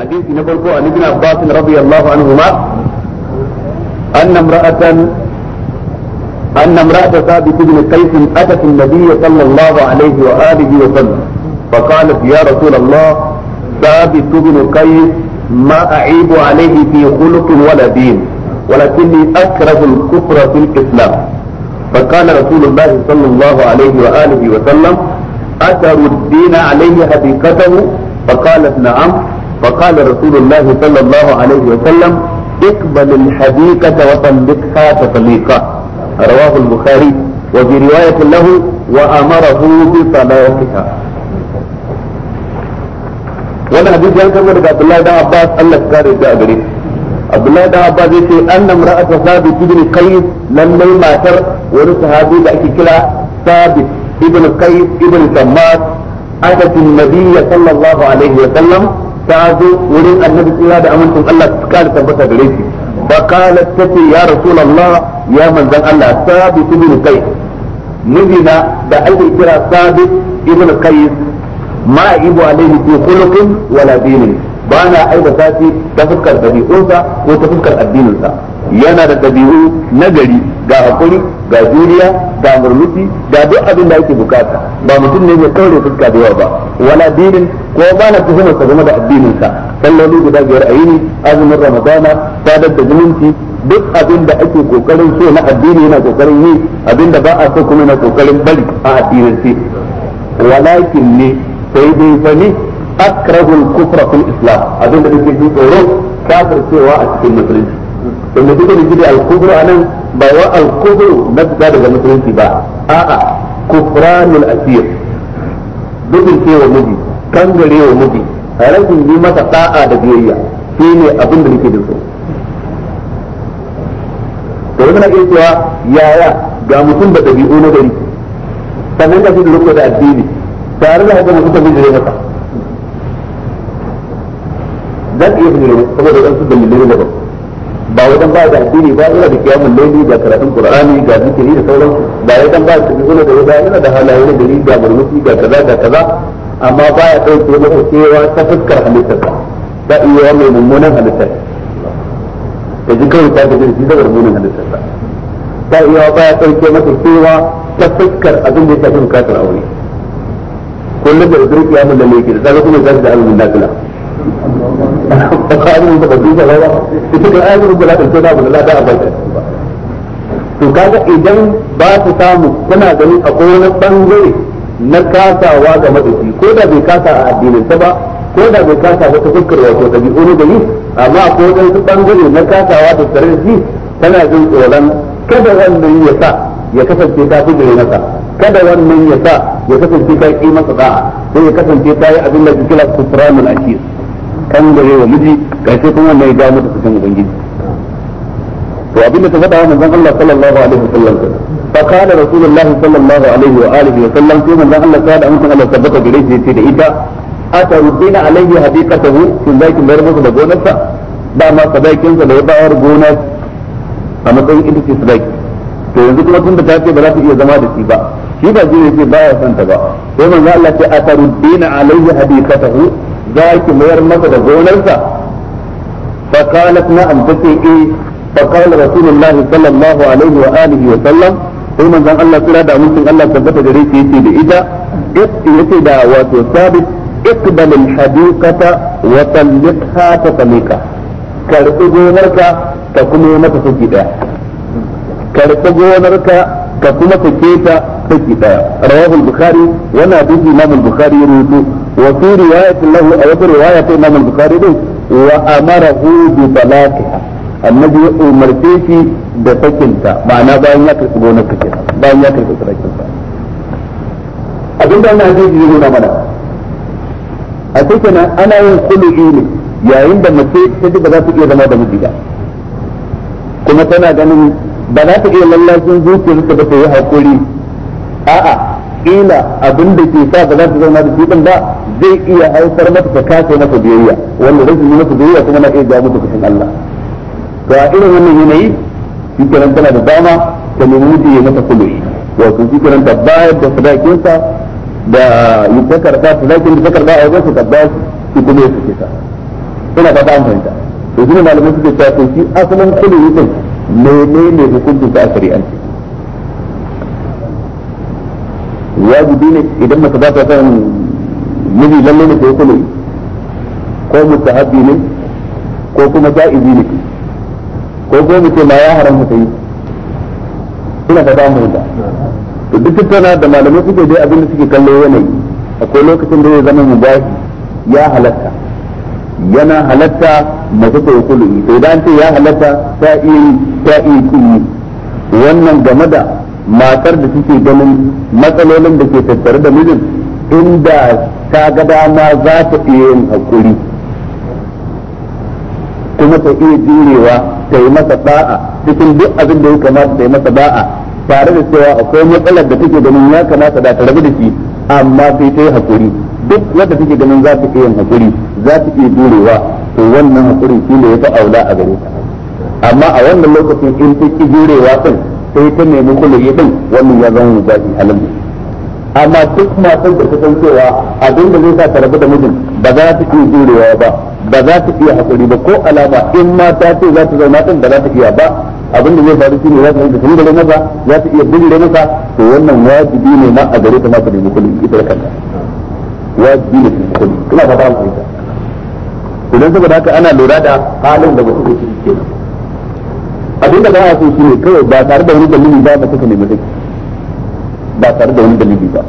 حديث نقول عن ابن عباس رضي الله عنهما أن امرأة أن امرأة ثابت بن قيس أتت النبي صلى الله عليه وآله وسلم فقالت يا رسول الله ثابت بن قيس ما أعيب عليه في خلق ولا دين ولكني أكره الكفر في الإسلام فقال رسول الله صلى الله عليه وآله وسلم أثر الدين عليه حقيقته فقالت نعم فقال رسول الله صلى الله عليه وسلم اقبل الحديقة وطلقها تطليقا رواه البخاري وفي رواية له وأمره بصلاتها وانا حديث ينكر لك عبد الله بن عباس قال لك كاري جاء عبد الله بن عباس يقول أن امرأة ثابت بن قيس لم يماتر ونسى هذه لأكي كلا ثابت ابن قيس ابن سماس أتت النبي صلى الله عليه وسلم تعدوا ولين النبي صلى الله عليه وسلم الله قال ثبت بريسي فقالت تتي يا رسول الله يا من ذن الله ثابت بن قيس مدينة بأي كرا ثابت ابن قيس ما أعيب عليه في خلق ولا دين بانا أيضا تاتي تفكر بديئوسا وتفكر الدين yana da ɗabi'u nagari ga hakuri ga juriya ga murmushi ga duk abin da ake bukata ba mutum ne mai kaure fuska da yawa ba wala dinin ko ba na tuhumar sa game da addinin sa salloli guda biyar a yini azumin ramadana sadar da zumunci duk abin da ake kokarin so na addini yana kokarin yi abin da ba a so kuma yana kokarin bari a addinin sa walakin ne sai dai fani akrahul kufra fil islam abin da nake ji tsoro a cikin musulunci wanda duka da gidi al kubra anan ba wa al-kubru na fita daga musulunci ba a'a kufranul asir ke wa miji kangare wa miji rashin yi masa da'a da biyayya shine abin da nake da su to yana iya cewa yaya ga mutum da dabi'u na gari sannan ka fi da rukun da addini tare da haka mutum ta bijire masa zan iya bijire masa da miliyan da ba. ba wajen ba da addini ba yana da kiyamun laili da karatun qur'ani ga zikiri da sauransu ba wajen ba da zuwa da yaba yana da halaye da gari da murmushi ga kaza da kaza amma ba ya dauke masa cewa ta fuskar halittarsa da iya mai mummunan halittar da ji kawai ta gaji shi da mummunan halittarsa ta iya ba ya dauke mata cewa ta fuskar abin da ya shafi bukatar aure kullum da zurfi ya da mai kira da zaga kuma zaka da azumin kula. bukari da ba duka ba ita kan ayatul gula din to na bu lada a to kaga idan ba su samu kuna ganin akwai wani bangare na kasawa ga madauki ko da bai kasa a addinin ta ba ko da bai kasa wata fuskar wato ta dabi'u ne gari amma akwai wani bangare na kasawa da sarrafi tana jin tsoron kada wannan ya sa ya kasance ta fi gare masa kada wannan ya sa ya kasance ta yi masa da'a sai ya kasance ta yi abin da kira kufranul akir bangare wa miji karshe kuma mai ya ja mata kusan ubangiji to abin da ta faɗa wa manzon Allah sallallahu alaihi wa sallam fa kana rasulullahi sallallahu alaihi wa alihi wa sallam sai manzon Allah ta da mutum Allah tabbata gare shi sai da ita rubina alaihi hadiqatahu kin zaki mayar masa da gonarsa ba ma sadakin sa da ya bayar gona a matsayin ita ce sadaki to yanzu kuma tunda ta ce ba za ta iya zama da shi ba shi ba zai ce ba ya santa ba sai manzon Allah ya ce rubina alaihi hadiqatahu za ki mayar masa da gonarsa فقالت نعم تسيئي إيه؟ فقال رسول الله صلى الله عليه وآله وسلم ثم أن الله سرى دا ممكن الله سبت جريتي سيدي إذا اقتدى وتثابت اقبل الحديقة وطلقها تطليقا كارتقو نركا تقوم يومك سجدا كارتقو نركا تقوم تكيتا سجدا رواه البخاري ونا به إمام البخاري روتو وفي رواية له أو في رواية إمام البخاري وأمره بطلاقها النبي أمر فيه بسكنتا معناه باين يكرس بونك كده باين يكرس سكنتا abinda wannan hadisi ya nuna mana a cikin ana yin kulu'i ne yayin da mace ta ba za ta iya zama da miji ba kuma tana ganin ba za ta iya lallashin zuciyarsa ba ta yi hakuri a'a kila abin da ke sa ba za su zauna da shi din ba zai iya haifar mata ta kace masa biyayya wanda zai yi masa biyayya kuma na iya jawo mata fushin Allah to a irin wannan yanayi shi kenan tana da dama ta nemi wuce ya mata kuluyi wato shi kenan ta bayar da sadakinsa da yi ta sadakin da takarda a wajen ta ba su shi kuma ya suke ta ina ba an fahimta to shi ne malamai suke cewa to shi asalin kuluyi din menene hukuncin ta a shari'ance wajibi ne idan mace ba ta son miji lalle ne ta kuma kulu ko mustahabi ne ko kuma ja'izi ne ko ko mu ce ma ya haramta ta yi ina ka damu da to duk tattauna da malamai suke dai abin da suke kallo yanayi akwai lokacin da zai zama mubahi ya halatta yana halatta mace ta yi kulu to idan ta ya halatta ta yi ta yi kullu wannan game da matar da suke ganin matsalolin da ke tattare da mijin inda ta ga dama za ta iya yin hakuri kuma ta iya jurewa ta yi masa ba'a cikin duk abin da ya kamata ta yi masa ba'a tare da cewa akwai matsalar da take ganin ya kamata da ta rabu da shi amma sai ta yi hakuri duk wanda take ganin za ta iya yin hakuri za ta iya jurewa to wannan hakuri shi ne ya fi aula a gare ta amma a wannan lokacin in ta ki jurewa din sai ta nemi ya din wannan ya zama mubahi halal ne amma duk matar da ta san cewa abin da zai sa ta rabu da mijin ba za ta iya jurewa ba ba za ta iya hakuri ba ko alama in ma ta ce za ta zauna din ba za ta iya ba abin da zai faru shine za ta yi da gare masa za ta iya bigire masa to wannan wajibi ne ma a gare ta ma ta nemi kula ita da kanta wajibi ne ta kuluyi kuma ba ta amfani idan saboda haka ana lura da halin da mutum ke ciki kenan abin da ba a so shine kawai ba tare da wani dalili ba ba suka nemi saki ba tare da wani dalili ba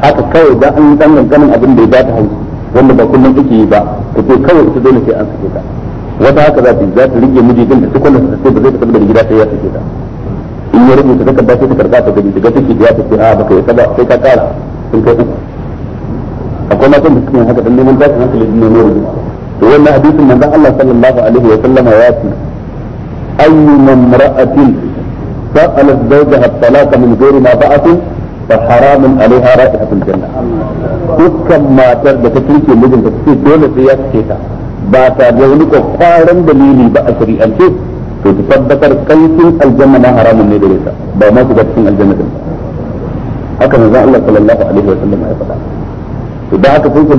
haka kawai ba an dan ganin abin da ya zata haushi wanda ba kullum take yi ba ta ce kawai ita dole sai an sake ta wata haka za ta za ta rike miji din da ta kwanta ta ce ba zai tafi daga gida sai ya sake ta in ya rubuta ta kaddace ta karba ta gani daga take da ya ta ce a ah, baka yi ba sai ka kara sun kai uku akwai matan da suke haka dan neman tashin hankali ne ne to wannan hadisin manzon Allah sallallahu alaihi wa sallama ya ce أي امرأة سألت زوجها الطلاق من غير ما بعث فحرام عليها رائحة الجنة dukkan matar da ta kirke mijinta ta ce dole sai ya ce ta ba ta da wani kwakwaran dalili ba a shari'ance to ta tabbatar kaifin aljanna na haramun ne gare ta ba ma su haka manzo Allah alaihi wa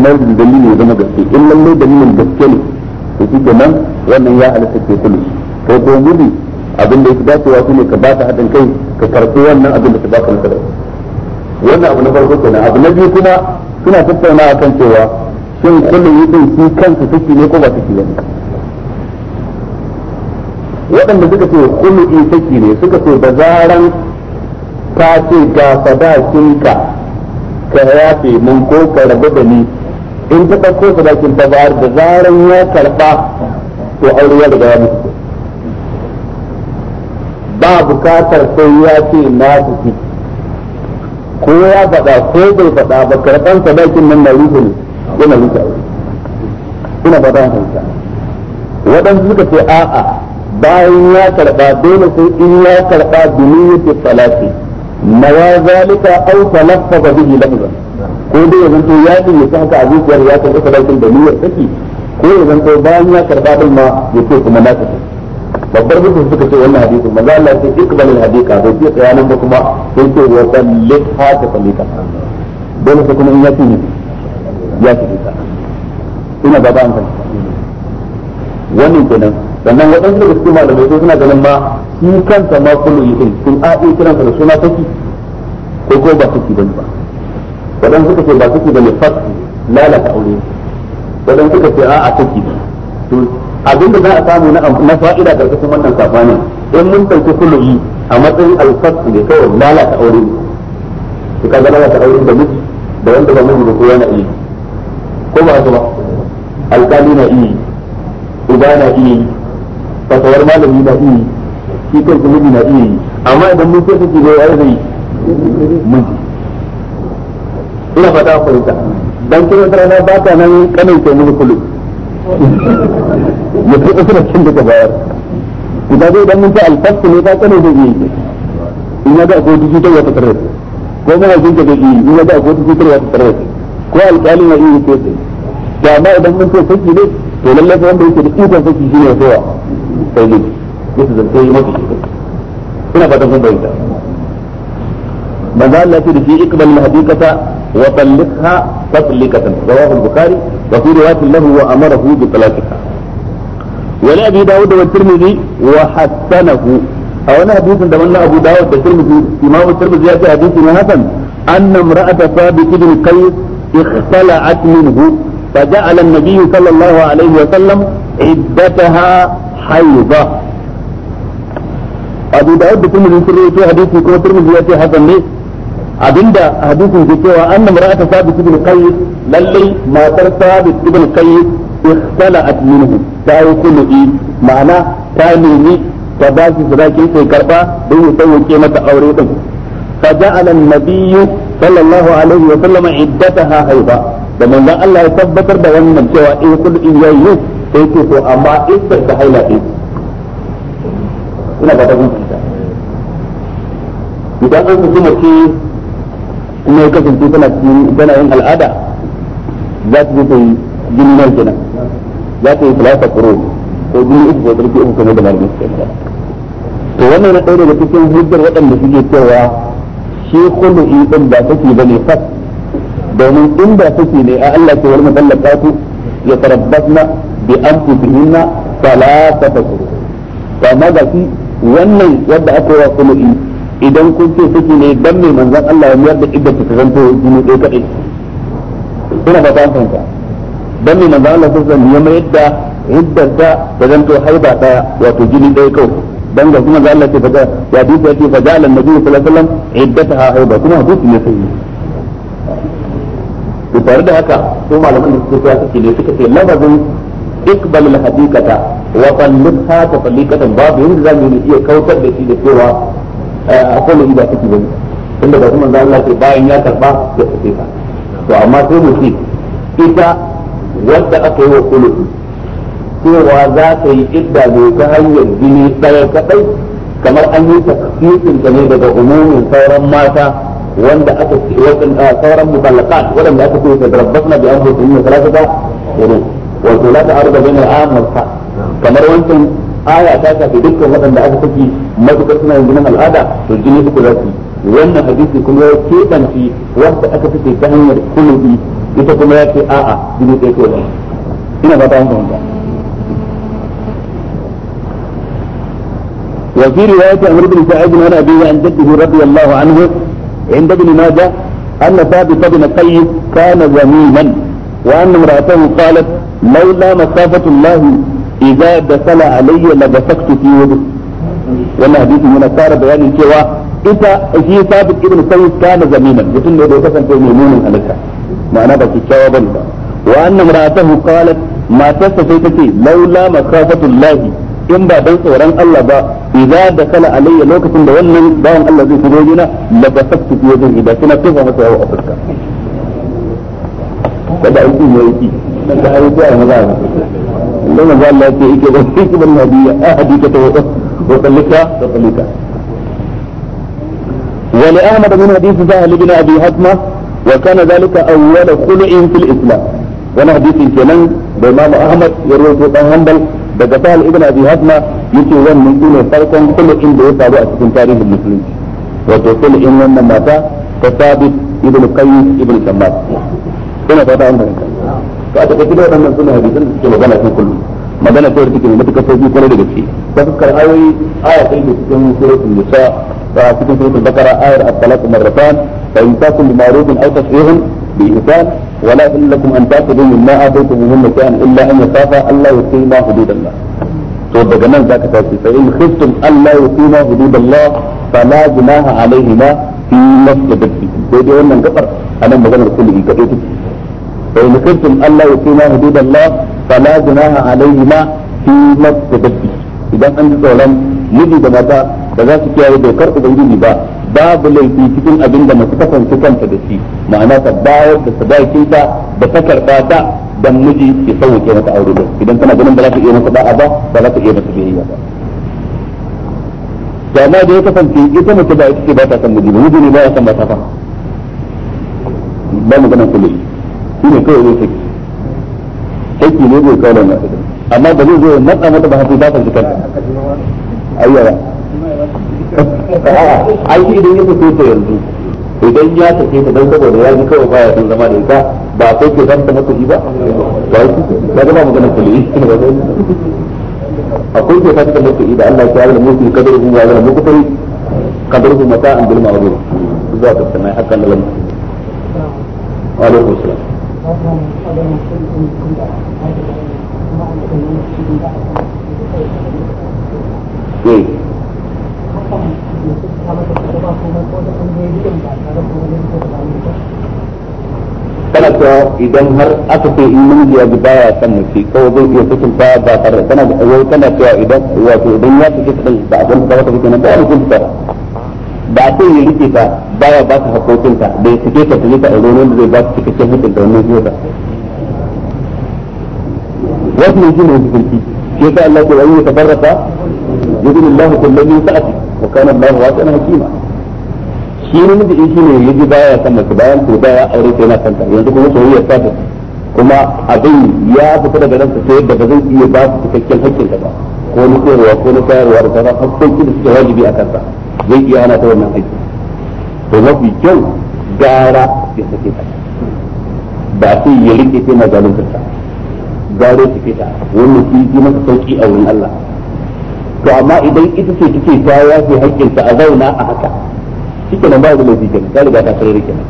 mai dalili zama gaske in lalle dalilin gaske ne to shi kenan wannan ya halatta ke kullu ko ko miji abin da yake dacewa shi ne ka ba ta haɗin kai ka karɓi wannan abin da ka ba ka na da wannan abu na farko kenan abu na biyu kuma suna tattauna akan cewa shin kullum yi din shi kansa saki ne ko ba take ne waɗanda suka ce kullum saki ne suka ce da zaran ka ce ga sadakin ka yafe mun ko ka rabu da ni in ta ɗauko sadakin ta da zaran ya karɓa to aure ya riga ya mutu ba bukatar sai ya ce na fi ko ya faɗa ko bai faɗa ba karɓar sadakin nan na rufe ne yana rufe ina faɗa hanta waɗansu suka ce a'a bayan ya karɓa dole sai in ya karɓa domin yake salati ma ya zalika au ba bihi lafzan ko dai ya zanto ya ce ya haka a zuciyar ya ta sadakin da niyyar saki ko ya zanto bayan ya karɓa din ma ya ce kuma na ta. babbar mutum suka ce wannan hadisi maza Allah sai ikbal al-hadika bai ce tsayanin ba kuma sai ce wa sallit ha ta sallita dole sai kuma in ya ce ne ya ce ta ina ba ba an san wannan kenan sannan waɗansu daga cikin malamai sai suna ganin ma shi kansa ma kullu yakin kun a yi kiransa da suna saki ko ko ba saki bane ba waɗansu suka ce ba saki bane fat lalata aure waɗansu suka ce a'a saki to abinda za a samu na fa'ida karkashin wannan safanin in mun ɗauki kulubi a matsayin alfas ne kawai lalata aure ne su kaga lalata aure da miji da wanda ba miji da kowa na iya ko ba su ba alkali na iya uba na iya fasawar malami na iya shi kansu miji na iya amma idan mun sai suke ne ya zai miji ina fata fahimta dan kira rana ba ta nan kanin kai mun kulubi ya kai usurancin da ka bayar idan zai dan minta alfasu ne ka kane da iya in ya ga akwai wata ta ko mahaifin ka da iya in ya ga akwai wata cutarwa ko alƙalin ya iya ce to amma idan mun ce saki ne to lallai fa wanda yake da ikon saki shine ya kowa sai ne ya su zance mafi ina fatan kun bayyana manzo Allah ya ce da shi ikbal al-hadiqata wa talliqha tatliqatan rawahu al-bukhari وفي رواية له وأمره بطلاقها ولأبي داود والترمذي وحسنه أو أنا حديث دمنا أبو داود والترمذي إمام الترمذي يأتي حديث حسن أن امرأة ثابت بن قيس اختلعت منه فجعل النبي صلى الله عليه وسلم عدتها حيضة أبو داود الترمذي في حديثه كما الترمذي يأتي حسن ليه abinda a hadisin ke cewa anna mar'ata sabis ibn kai lallai matar sabit ibn qais ikhtala'at minhu ta yi kulu'i ma'ana ta nemi ta ba shi sadakin sai karba don ya sauke mata aure din fa ja'ala an-nabiyyu sallallahu alaihi wa sallam iddataha haiba da manzon Allah ya tabbatar da wannan cewa in kulu'i yayi sai ce to amma iskar ta haila ce ina ba ta gunta idan an kuma ce kuma ya kasance tana cikin tana yin al'ada za ta ta yi jini nan kenan za ta yi talata kuro ko jini uku ko tsarki uku kamar da malamin to wannan na ɗaya daga cikin hujjar waɗanda suke cewa shi khulu'i din ba take bane fas domin in ba take ne a Allah ke wal ku ya tarabbasna bi anfusihinna talata kuro to amma ga shi wannan yadda aka yi wa khulu'i idan kun ce saki ne dan mai manzon Allah ya mayar da iddar ta zanto jini ɗaya kaɗai ina ba ta fahimta dan mai manzon Allah sun ya mayar da iddar ta ta zanto haiba ɗaya wato jini ɗaya kawai dan ga kuma Allah ce faga ya duka ya ce faga annabi sallallahu alaihi wasallam ha haiba kuma hadisi ne sai to tare da haka su malaman da suke ya suke ne suka ce lafazin ikbal al-haqiqata wa talliqha ta talliqatan babu yanda zamu iya kautar da shi da cewa Eh, a kullum da kake bane tunda ba kuma Allah ce bayan ya karba ya tafi ka to amma sai mu ce ita wanda aka yi wa kulubi cewa za ta yi idda ne ta hanyar jini ɗaya kaɗai kamar an yi tafsirin ta ne daga umumin sauran mata wanda aka ce wadanda ah, sauran mutallaqat wadanda aka ce ta tarabbasna bi anfusihim salatata quru wa la ta'arudu bainal am wal kamar wancan aya ta shafi dukkan waɗanda aka saki matukar suna yin jinin al'ada to jini uku za su wannan hadisi kuma ya keɓanci wanda aka sake ta hanyar kulubi ita kuma ya ce a'a jini ɗaya kawai ina ba ta hanka wanda وفي رواية عمرو بن سعيد عن أبيه عن جده رضي الله عنه عند ابن ماجه أن ثابت بن قيس كان ذميما وأن امرأته قالت لولا مسافة الله idza alayya la wannan fara bayanin cewa ita shi sabit ibn sayyid kana zaminan mutum ne da ya kasance mai munin halitta ma'ana ba kikkiawa bane ba wa annam ra'atahu qalat matarsa sai tace laula makafatullahi in ba dan tsoron Allah ba idza dakala alayya lokacin da wannan bayan Allah zai shigo gina la basaktu fi wajhi da kuma tufa masa yawa a fuska kada aiki ne yake kada aiki a maza dan manzo Allah yake yake ba yake ban nabiyya ahadika ta wa sallika wa sallika ولأحمد من حديث سهل بن أبي حتمة وكان ذلك أول خلع في الإسلام وانا حديث كمان بإمام أحمد يروي عن حنبل daga sahal ibn abi hasma yace wannan shine farkon kullukin da ya faru a cikin tarihin musulunci wato kullukin wannan mata ta sabit ibn qayyim ibn shammas ina fata an fahimta to a take gidan wannan suna hadisan da suke magana kan kullum magana ta take ne mutaka sauki kwarai da gaske ta fuskar ayoyi aya kai da cikin suratul nisa da cikin suratul bakara ayar at-talaq marratan fa in takum bi ma'rufin aw tasrihun bi ihsan ولا يحل لكم ان تاخذوا مما اتيتموهن شيئا الا ان يخافا الا يقيما حدود الله. to daga nan zaka tashi fa in khiftum alla yuqima hudud Allah fala junaha alaihima fi masjidati sai dai wannan gabar anan maganar kulli kadai take فإن خفتم ألا يقيما حدود الله فلا جناح عليهما فيما افتدت به إذا أنت تولم miji da mata da za su kiyaye dokar ubangiji ba babu laifi cikin abin da masu kasance kanta da shi ma'ana ta bayar da sadakinta ba idan ta iya masa da'a ba ba za ba da ma da ya kasance ita mace ba ita ce ba ta san miji ba miji ne ba ya san ba ta fa ba shi ne kawai zai saki saki ne zai kawo na amma da zai zo ya matsa mata ba hafi dafa jikar ayyawa ai shi idan ya sake ta yanzu idan ya sake ta dan saboda ya ji kawai baya sun zama da ita ba sai ke zanta mata yi ba ba shi ka ga ba magana kulli akwai ke fata da mutu da Allah ya yi mutu kadar hu ya zama muku kadar hu mata an bilma wa zuwa ta sanai hakan da lamu wa alaikum salam kana cewa idan har aka ce in namiji ya ji baya son mace kawai zai iya cikin ta ba tare kana cewa idan wato idan ya fice din da abin da ka fice nan ba ya ba sai ya rike ta baya ba ta hakokinta da ya sake ta tafi ta aure wanda zai ba su cikakken hakin da wannan zuwa wasu ne shi ne hukunci shi yasa Allah ke wani tabarraka yudin Allah kullum min sa'ati ko kana Allah wasi'an hakima shi ne miji in shi ne yaji baya san mace bayan to baya aure sai na kanta yanzu kuma soyayya ta ta kuma abin ya fita daga ransa sai yadda ba zan iya ba ta cikakken hakkin ta ba ko na koyarwa ko na koyarwa da sauran hakkokin da suke wajibi a kansa zai iya ana ta wannan aiki to mafi kyau gara ya sake ta ba a sai ya rike sai na zalunta ta gara ya sake ta wannan shi ji masa sauki a wurin Allah to amma idan ita ce kike ta fi haƙƙinta a zauna a haka shike nan ba da laifi kenan ta riga ta sarari nan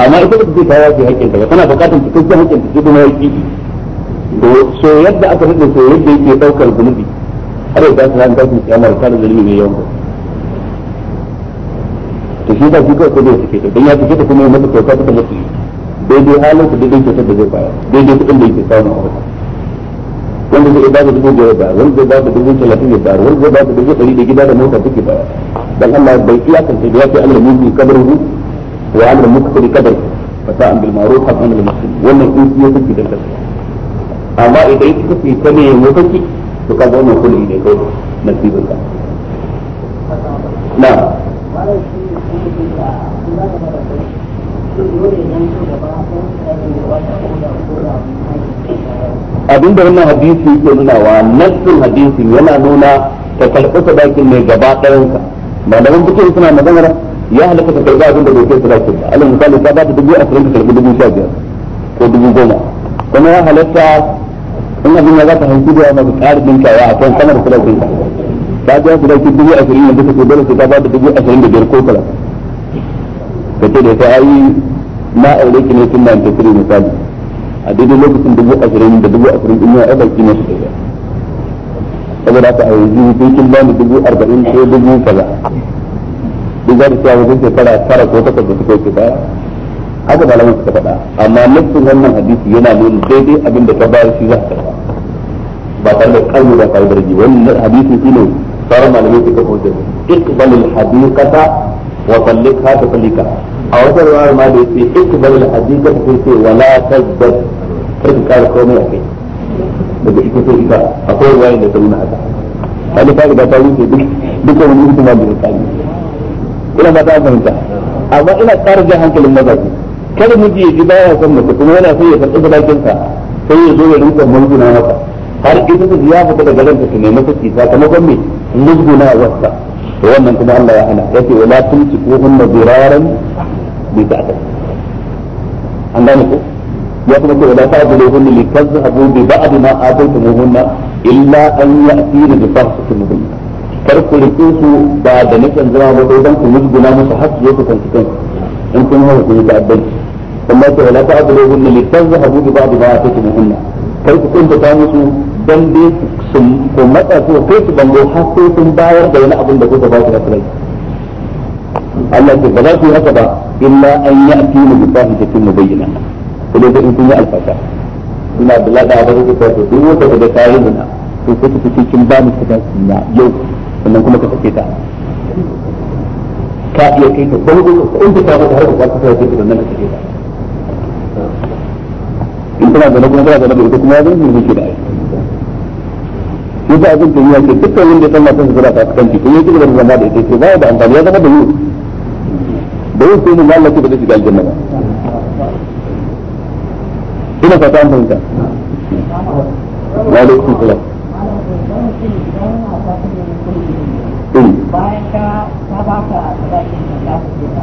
amma ita kike ta ce ta yafe haƙƙinta ba tana buƙatar cikakken haƙƙinta sai kuma yaƙi to so yadda aka rike so yadda yake ɗaukar zunubi har yadda ta san ta kiyama ta da zulmi mai to shi ba shi kawai kudin suke ta don ya fi ta kuma yi masa kyauta ta musu daidai halin su daidai kyautar da zai baya daidai kudin da yake samu a wata wanda zai ba da dubu biyar bayar wanda zai ba da dubu talatin da bayar wanda zai ba da dubu ɗari da gida da mota duke baya dan Allah bai iya iyakance da yake Allah mun yi kabarin wa Allah muka kabar fa fasa'an bil ma'ruf haqqan lil muslimin wannan in shi yake gidan da amma idan kika fi ta ne mutaki to kaga wannan kudi ne kawai nasibin ka na abin abinda wannan hadisi yake nunawa nassin hadisi yana nuna ka karɓi sadakin ne gaba da malaman bukin suna maganar ya halaka ka karɓi abin da bai kai sadakin ba alal misali ka ba ta dubu ashirin ka karɓi dubu sha biyar ko dubu goma kuma ya halatta in abin ya za ta hanku da wani ƙarin dinkawa a kan ta sadakin ka ka biya sadakin dubu ashirin ta ta ta dole ta ka ba ta dubu ashirin da biyar ko talatin ka ce da ta yi na aure ki ne tun da ta kiri misali a daidai lokacin dubu ashirin da dubu ashirin in ya ɗaga kima su daga saboda haka a yanzu sun kin ba ni dubu arba'in ko dubu kaza duk za ta cewa wajen shekara tara ko takwas da suka wuce baya haka lamar suka faɗa amma nufin wannan hadisi yana nuna daidai abin da ka bayar shi za ka karɓa ba tare da kalmi ba tare da rigi wannan hadisin shi ne sauran malamai suka hujjar iqbalul hadiqata wa tallika ta tallika a wata ruwayar ma da yake ikbal al-hadika ta ce wala tazdad kai ka komai a kai daga ita sai ita akwai ruwayar da ta nuna haka wani ta riga ta wuce duk duk wani mutum da ya kai ina ba ta fahimta amma ina ƙara hankalin mazaji kada miji ya ji baya son mace kuma yana so ya karɓi sadakinsa sai ya zo ya rinka mulguna masa har ita ta ya fita daga ranta ta nemi saki sakamakon me wasa to wannan kuma Allah ya hana yace wala tumsiku hunna diraran bi ta'ata an gane ko ya kuma ce wala ta'budu hunna li tazhabu bi ba'd ma ataytumuhunna illa an ya'tina bi fahsatimuhunna kar ku rike su ba da nufin zama ba sai dan ku musguna musu hakki yake kan cikin in kun hawa ku yi ta'addanci kuma ce wala ta'budu hunna li tazhabu bi ba'd ma ataytumuhunna kar ku kunta musu dan dai su ko matsa ko kai su bango har sai sun bayar da wani abin da kuka ba su na tsirai Allah ce ba za ku yi haka ba illa an yi a fili da sahi da kin bayyana kuma da in kun yi alfata ina da lada ba zai ta to duk wanda da kayi zina to sai fi ce kin ba mu kaza na yau sannan kuma ka sake ta ka iya kai ta bango ko in ta ba ta har ka kwata ta ce sannan ka sake ta in kana da na kuma kana da na ita kuma ya zama mai da ai yasa abin da ya ce dukkan wanda ya san matan su zura fasikanci kuma ya ci da zama da ita ce baya da amfani ya zama da yau da yau sai mun shiga ta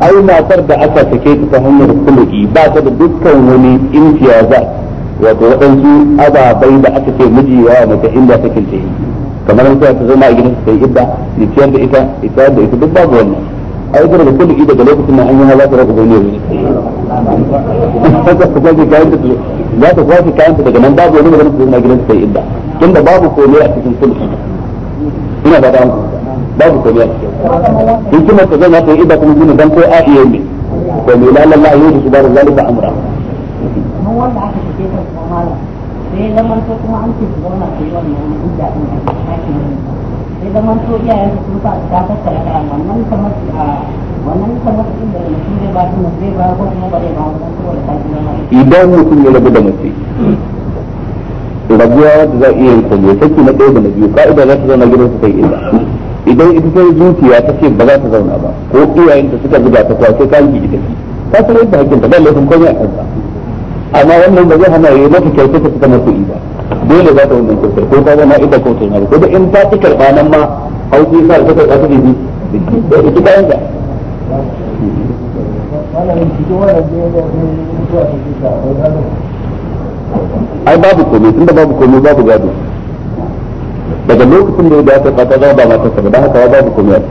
ai matar da aka sake ta ta hanyar kuluki ba ta da dukkan wani imtiyaza wato waɗansu ababai da aka ce miji yawa mace inda ta kince yi kamar mutuwa ta zama a gidan su sai idda ya ciyar da ita ya da ita duk babu wannan ai da kuluki daga lokacin da an yi hala ta rabu gani yanzu za ta kwashe kayanta daga nan babu wani magana su zama a gidan su sai idda tunda babu komai a cikin kuluki ina ba kuma babu komai a cikin kuma ta zama ta yi idda kuma dan kai a iya ne ko me la la la yau da su ba da zalika amra kuma kuma an wannan da ta da wannan wannan da ba kuma ba ba wannan ta idan mutum ya rabu da mace rabuwa da za a iya yin kome saki na ɗaya da na biyu ka'ida za ta zama gidan su kai idan ita sai zuciya ta ce ba za ta zauna ba ko ta suka zuba ta kwace kayan ki kika ta san yadda hakkin ta ba laifin komai a kansa amma wannan ba zai hana yi mata kyautar ta suka masa ba dole za ta wannan kyautar ko ta zama ita ko ta ko da in ta ci karɓa nan ma hauki sa ta karɓa ta bibi da ita kayan ai babu komai tunda babu komai babu gado daga lokacin da ya dace ba ta zama ba matar sa ba haka babu komai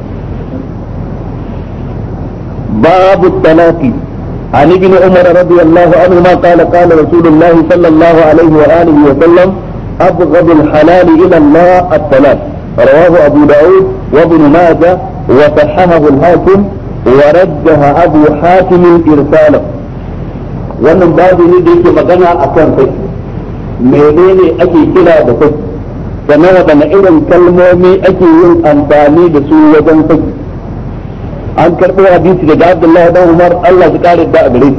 babu talaqi عن ابن عمر رضي الله عنهما قال قال رسول الله صلى الله عليه وآله وسلم أبغض الحلال إلى الله الطلاق رواه أبو داود وابن ماجه وصححه الحاكم ورجح أبو حاتم إرساله wannan babu ne da yake magana akan kai menene ake kira da kai sannan waɗanne irin kalmomi ake yin amfani da su wajen saki an karɓi hadisi daga abdullahi dan umar allah su kare da a gare shi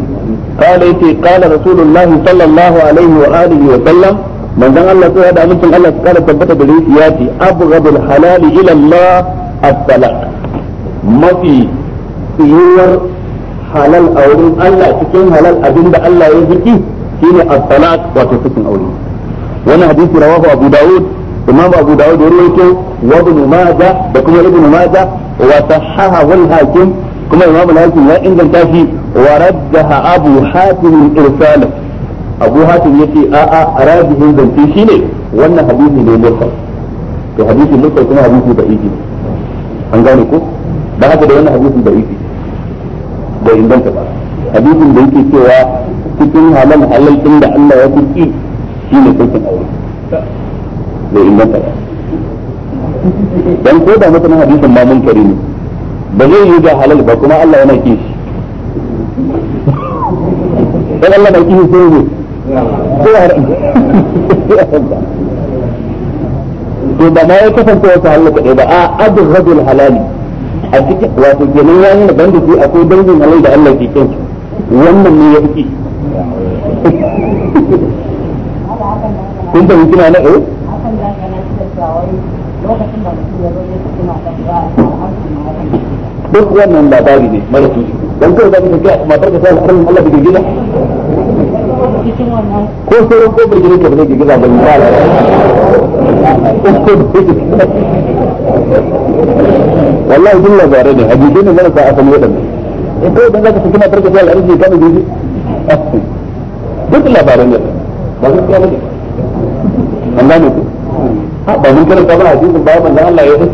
kala yace kala rasulullahi sallallahu alaihi wa alihi wa sallam manzon allah sai da mutum allah su kare tabbata da shi ya ce abghadul halal ila allah as-salat mafi tsiyuwar halal a wurin allah cikin halal abinda allah ya ziki shine as-salat wato cikin aure wannan hadisi rawahu abu daud imam abu dawud ya rawaito wa ibn majah da kuma ibn majah wa sahahahu al-hakim kuma imam al-hakim ya inganta shi wa raddaha abu hatim irsal abu hatim yace a a rajihin zance shine wannan hadisi ne mursal to hadisi mursal kuma hadisi da an gane da haka da inganta ba hadisin da yake cewa cikin halal halal din da Allah ya kuki ne sulhun aure bai inganta ba dan ko da mutum hadisin ma mun kare ne ba zai yi ga halal ba kuma Allah yana ki shi dan Allah da kishi sai ne ko har to ba mai ya kasance wata halal kadai ba a adghadul halali a cikin wato kenan ya nuna banda su akwai dangin halal da Allah ke kansu wannan ne ya fi kun da mutuna na eh duk wannan labari ne mara tuji don kar za ka tafi a matar ka samu arzikin Allah da girgiza ko sauran ko birgin ka ba zai ba ne ba wallahi duk labarai ne hadisi ne marasa asali waɗanda in kawai don za ka tafi matar ka samu arzikin ka da girgiza duk labarai ne ba gaskiya ba ne an gane ku ha ba mun karanta ba hadisin ba manzon Allah ya rasu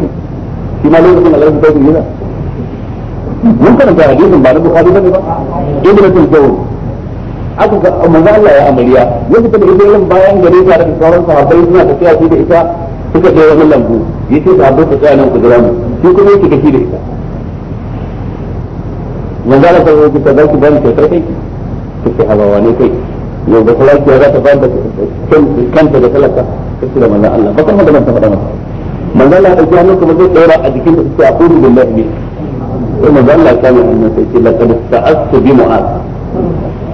shi ma lokacin Allah ya tafi yana mun karanta hadisin ba na Bukhari bane ba ibnu Tunzawi aka ga manzon Allah ya amariya ya da ita yin bayan gare ta da sauran sahabbai suna tafiya shi da ita suka je wani lambu yace sahabbai su tsaya nan ku jira mu shi kuma yake kashi da ita manzon Allah sai ya ce za ki bani kai ki ce hawawa kai yau da kula ki za ta bani kanta da talaka kace da manzon Allah faɗa masa manzon Allah kuma zai a jikin da sai manzon Allah ya mai annan sai ce laqad ta'assu bi mu'az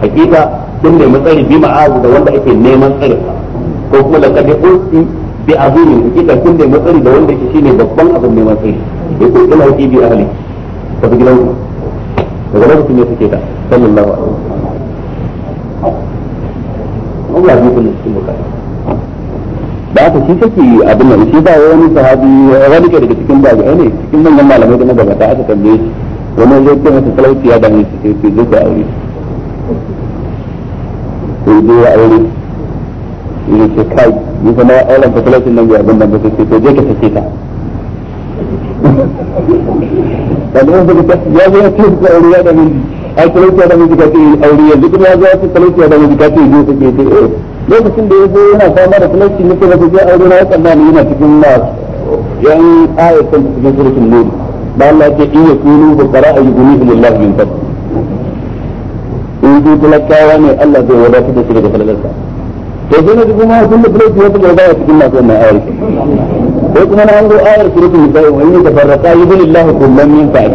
hakika kin bi mu'az da wanda ake neman ko kuma laqad bi hakika kin da wanda yake shine babban abin neman yake ina yake bi ahli ka bi daga lokacin ne suke da sallallahu alaihi wasallam Allah ya cikin bukatu da aka shi take abin nan shi ba wani sahabi wani ke daga cikin ba ne cikin manyan malamai da magabata aka tambaye shi wani zai ce masa talauci ya dame shi sai ce zai aure sai zai ya aure ya ce kai ni kuma auren fa talaucin nan ya abin nan ba sai to je ka sake ta kalmar da ta ya zo ya ce ka aure ya dame shi ai talauci ya dame shi ka ce aure yanzu kuma ya zo ya ce talauci ya dame shi ka ce je sake ta lokacin da ya zo yana fama da talauci ne kuma sai aure na ya tsammani yana cikin nas yan ayatan cikin suratul nur da Allah ke iya kunu ba qara ayyuhum Allah min fad in dai talakawa ne Allah zai wadatar da su da talalarsa to sai na ji kuma sun da talauci wata gaba a cikin nas wannan ayar ko kuma na hango ayar suratul nisa wa in tafarraqa yubillahu kullum min fad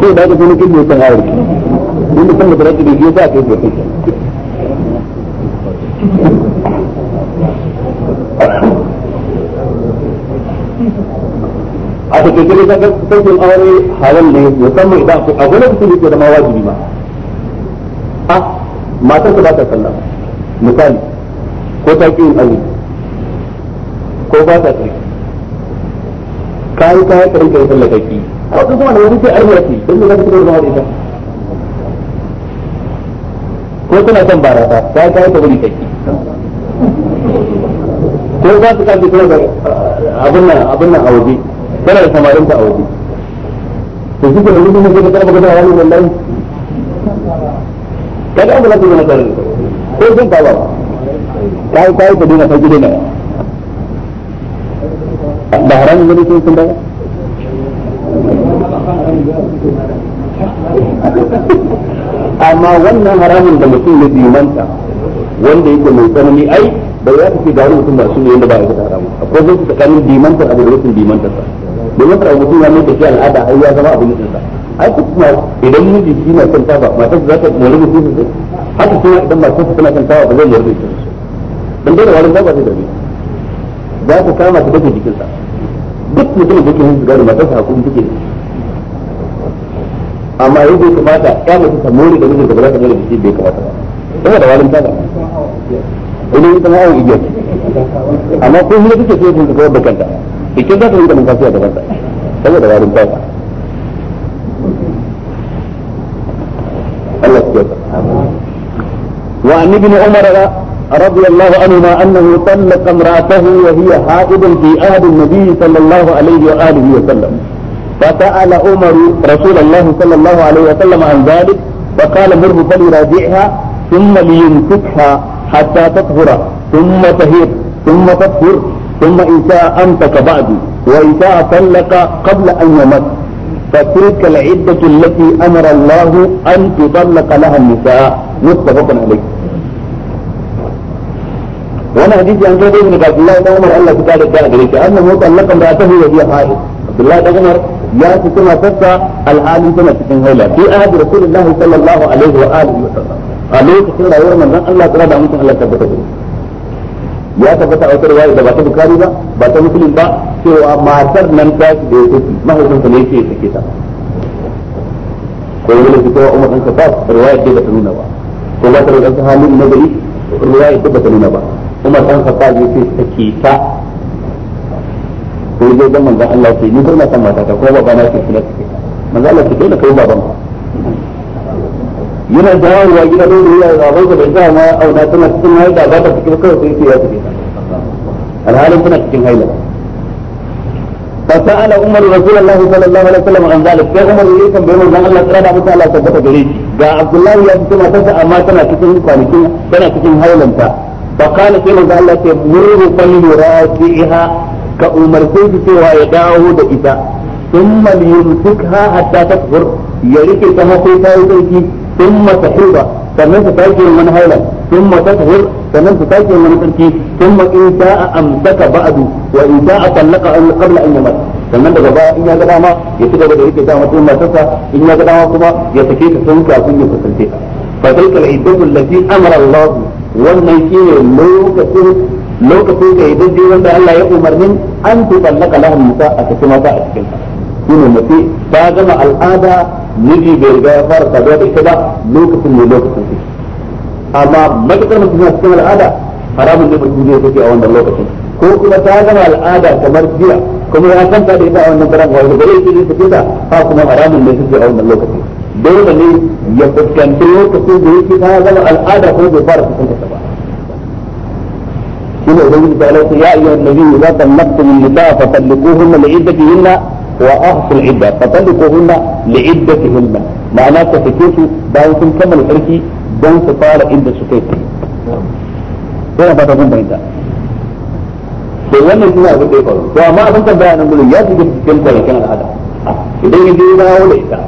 sai da ga kuma kin ne kan ayar inda kan da talauci da yasa kai ko kai aka ke kire ka kashin aure halal ne musamman idan akwai abu na kusuri ke zama wajibi ba a matar ka ba ta sallah misali ko ta ki yin aure ko ba ta tsarki kayi kayi karin karin sallah ka ki a wasu kuma da wani sai aure ce don me za ka fito da mawa ko tana son barasa kayi kayi ka bari ka ki ko za su kaji kuma da eh, abin nan abin nan a waje kana da samarin ta a waje to shi kuma duk mun ga karba ga wani wallahi kada an bala na tare ko zan ta ba kai kai ka dina fage dina da haram ne sun sun daga amma wannan haramun da mutum ya dimanta wanda yake mai tsanani ai ba ya fi da mutum ba shi ne ba ya fita haramu akwai zai tsakanin dimantar abu da rufin dimantar sa dimantar abu mutum ya mai tafiya al'ada ai ya zama abu da ai ko kuma idan miji shi na matar za ta mori mutum su haka kuma idan matar tana ba zai mori mutum su dan dole wani ba zai za ta kama ta dake jikinsa duk mutum da yin matar sa hakuri take amma yadda ya kamata ya mutu ta mori da mijin da ba za ta mori da shi bai kamata ba yana da walin idan ita ma'awar igiyar amma ko hira kake so sun kawar da kanta ikin za ta rinka mun kasuwa gaban ta saboda warin kwakwa Allah ya wa an ibn umar رضي الله عنهما انه طلق امراته وهي حائض في عهد النبي صلى الله عليه واله وسلم فسال عمر رسول الله صلى الله عليه وسلم عن ذلك فقال مره فليراجعها ثم ليمسكها حتى تطهر ثم تهيب ثم تطهر ثم إن شاء أمسك بعد وإن شاء طلق قبل أن يمت فتلك العدة التي أمر الله أن تطلق لها النساء متفق عليه وانا حديث عن جابر بن عبد الله بن عمر الله تعالى قال انه طلق امراته وهي حائض عبد الله بن عمر ya fita matarsa alhalin tana cikin haila fi ahadi rasulullahi sallallahu alaihi wa alihi wa sallam a lokacin rayuwar manzon Allah tsara da mutum Allah tabbata da ya tabbata a wata riwaya da ba ta bukari ba ba ta muslim ba cewa matar nan ta shi da ya tafi mahaifinsa ne yake sake ta ko wani fitowa umar ɗan kafaf riwaya da ba ta nuna ba ko ba ta da ɗan ta ta sai zai ga manzon Allah sai ni bar na san mata ta ko baba na ke kula take manzon Allah ke dole kai baban ka yana dawowa gida da ruwa ya baban ka da ta ma auna tana cikin haida ba ta cikin kawai sai ce ya tafi alhalin tana cikin haida فسأل عمر رسول الله صلى الله عليه وسلم عن ذلك sai Umar ya tambaye manzon Allah tsara da mutane Allah tabbata gare shi ga Abdullahi ya fito mata ta amma tana cikin kwanakin tana cikin hailanta fa kana sai manzon Allah ce murru fa min rafi'iha ka umarce shi cewa ya dawo da ita thumma liyumsikha hatta tafur ya rike ta hakai ta yi sarki thumma tahiba sannan ta sake wani hailan thumma tahur sannan ta sake wani sarki thumma in sha'a amsaka ba'du wa in sha'a tallaqa qabla an yamat sannan daga baya in ya ga dama ya ci gaba da rike ta mutum matarsa in ya ga dama kuma ya sake ta tun kafin ya kusance ta fa tilka al-iddatu allati amara Allah wannan shine lokacin lokacin da idan dai wanda Allah ya umarnin an tuballaka lahum musa a cikin mata a cikin ka kuma mace ta gama al'ada miji bai riga ya fara saduwa da ita ba lokacin ne lokacin shi amma matakar mutum na cikin al'ada haramun ne mutum zai take a wannan lokacin ko kuma ta gama al'ada kamar jiya kuma ya ta da ita a wannan daren wanda bare shi ne take ta ha kuma haramun ne take a wannan lokacin dole ne ya fuskanci lokacin da yake ta gama al'ada ko bai fara ta ba shine ubangiji ta alaihi ya ayyuhan nabiyyu la tallaqtum an-nisaa fa talliquhunna li'iddatihinna wa ahsul idda fa talliquhunna li'iddatihinna ma'ana ka sake su bayan sun kammala sarki dan su fara inda suka yi yana ba ta gumbayin ta to wannan shine abin da ya faru to amma abin kan bayanan gurin ya shiga cikin kwanakin al'ada idan ya je ya wala ita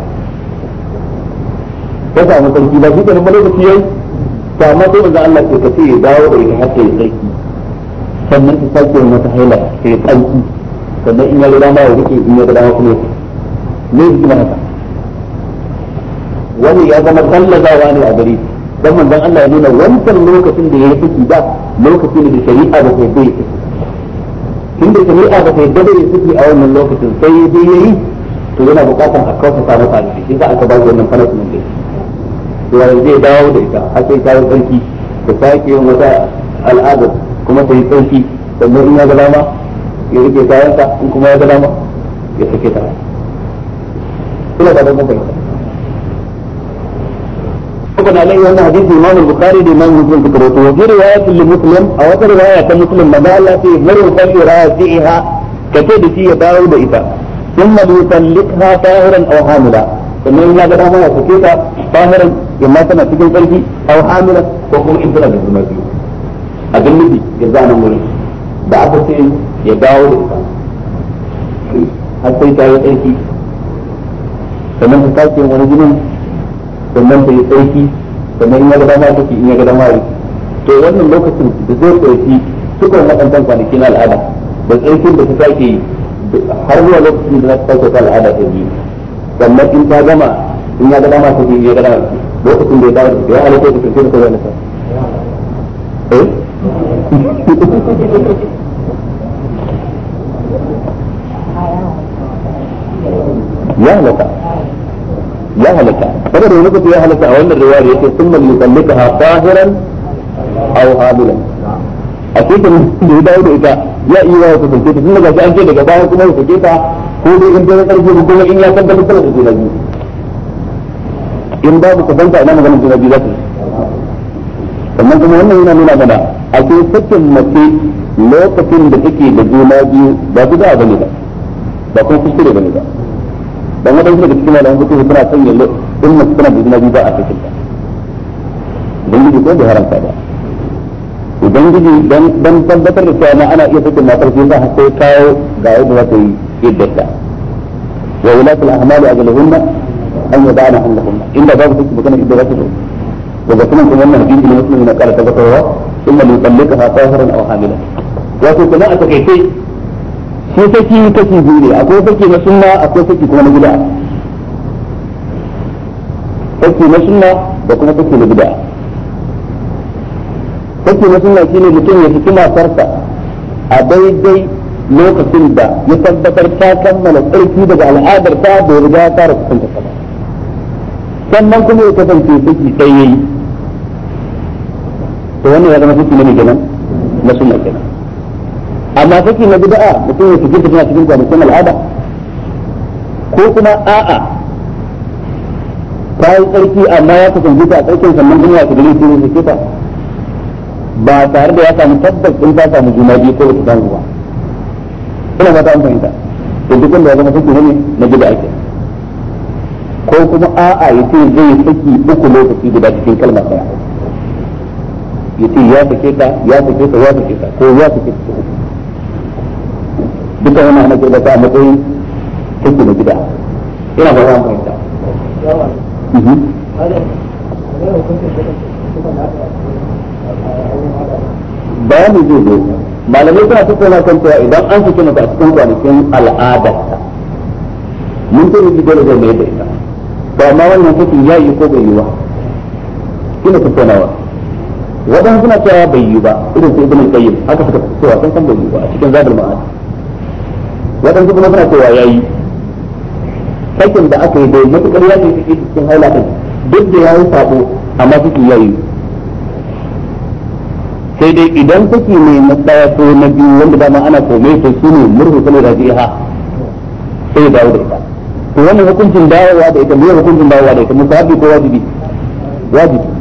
ta samu sarki ba shi kenan ba lokaci yayi to amma sai manzo Allah ce ka ce dawo da ita har sai sarki sannan ta sake yin wata haila ta yi tsarki sannan in ya ga dama ya rike in ya ga dama kuma ya ne hikima haka wani ya zama ballagawa ne a gari dan manzon Allah ya nuna wancan lokacin da ya yi ciki ba lokaci ne da shari'a ba ta yadda ya tun da shari'a ba ta yadda da ya ciki a wannan lokacin sai ya je ya yi to yana bukatar a kawo sa masa da shi za aka ba wannan punishment din to zai dawo da ita har sai ta yi sarki ta sake yin wata al'adar kuma ta yi tsarki sannan in ya ga dama ya rike kayanta in kuma ya ga dama ya sake ta ina da kuma fahimta وقد عليه أن حديث الإمام البخاري الإمام مسلم ذكرته وفي رواية لمسلم أو في رواية مسلم مدالة في مرء فليراجعها كتب في يداود إذا ثم ليطلقها طاهرا أو حاملا sannan ya ga dama ya sake ta tahiran ya ma tana cikin tsarki aw hamila ko kuma da abin nufi ya zana nan wurin da aka ce ya dawo da ita har sai ta yi tsarki sannan ta sake wani jinin sannan ta yi tsarki sannan ya gada ma take in ya gada ma yi to wannan lokacin da zai tsarki sukan makantan kwanaki na al'ada da tsarkin da ta sake yi har zuwa lokacin da za ta sake ta al'ada ta biyu sannan in ta gama in ya gada ma take in ya ga dama lokacin da ya dawo da ya halatta ta tsarki da ta zanata. ta ya halaka ya halaka saboda wani kusa ya halaka a wannan riwayar yake sun man yusallika ha fahiran aw hamilan a cikin da ya dawo da ita ya iya wa kusance ta tunda gashi an ce daga baya kuma ya sake ta ko dai in dai karfi ko kuma in ya san da mutum da juna biyu in babu kusanta ina maganar juna biyu za ta sannan kuma wannan yana nuna mana a ce sakin mace lokacin da take da juna biyu ba su za a bane ba ba kuma kuskure bane ba dan wadansu daga cikin malaman kuskure suna sanya in mace tana da juna biyu ba a sakin ta ubangiji ko bai haramta ba ubangiji dan tabbatar da cewa ana iya sakin matar sai ba sai kawo ga yadda za ta yi iddata wa ulatul ahmal ajaluhunna an yada'na hamlahunna inda babu take magana iddata ta zo daga kuma kuma wannan hadisi ne musulmi na kara tabbatarwa ثم ليطلقها طاهرا او حاملا wato kuma a takaice shi saki kashi biyu ne akwai saki na sunna akwai saki kuma na bid'a saki na sunna da kuma saki na bid'a saki na sunna shine mutum ya saki matarsa a daidai lokacin da ya tabbatar ta kammala tsarki daga al'adar ta bai riga ya fara kusanta ba sannan kuma ya kasance saki sai yayi to wannan ya zama saki na kenan na sunna kenan amma saki na bid'a mutum ya saki tana cikin kwanakin al'ada ko kuma a'a ta yi tsarki amma ya kasance ta a tsarkin sannan kuma ya gani sai ya saki ta ba tare da ya samu tabbas in ta samu juna biyu ko ta samu ba ina fata an fahimta to duk wanda ya zama saki ne na bid'a kenan ko kuma a'a ya zai saki uku lokaci guda cikin kalmar ɗaya ya ce ya sake ka ya sake ka ya sake ka ko ya sake ka duka wani ana kirga ta a matsayin take na gida ina ba za mu fahimta mhm. bayani zai zo malamai suna tattauna kan cewa idan an sake mata a cikin kwanakin al'ada mun ce rubuta da zai mai da ita ba ma wannan sakin ya yi ko bai yi wa ina tattaunawa waɗansu suna cewa bai yi ba irin su ibn qayyim haka suka cewa sun san bai yi ba a cikin zadul ma'ad waɗansu kuma suna cewa yayi sakin da aka yi dai matukar ya kai cikin haila din duk da yayi sabo amma suke yayi sai dai idan take ne na daya ko na biyu wanda dama ana komai to ne murhu kuma da jiha sai dawo da ita to wannan hukuncin dawowa da ita me hukuncin dawowa da ita musabi ko wajibi wajibi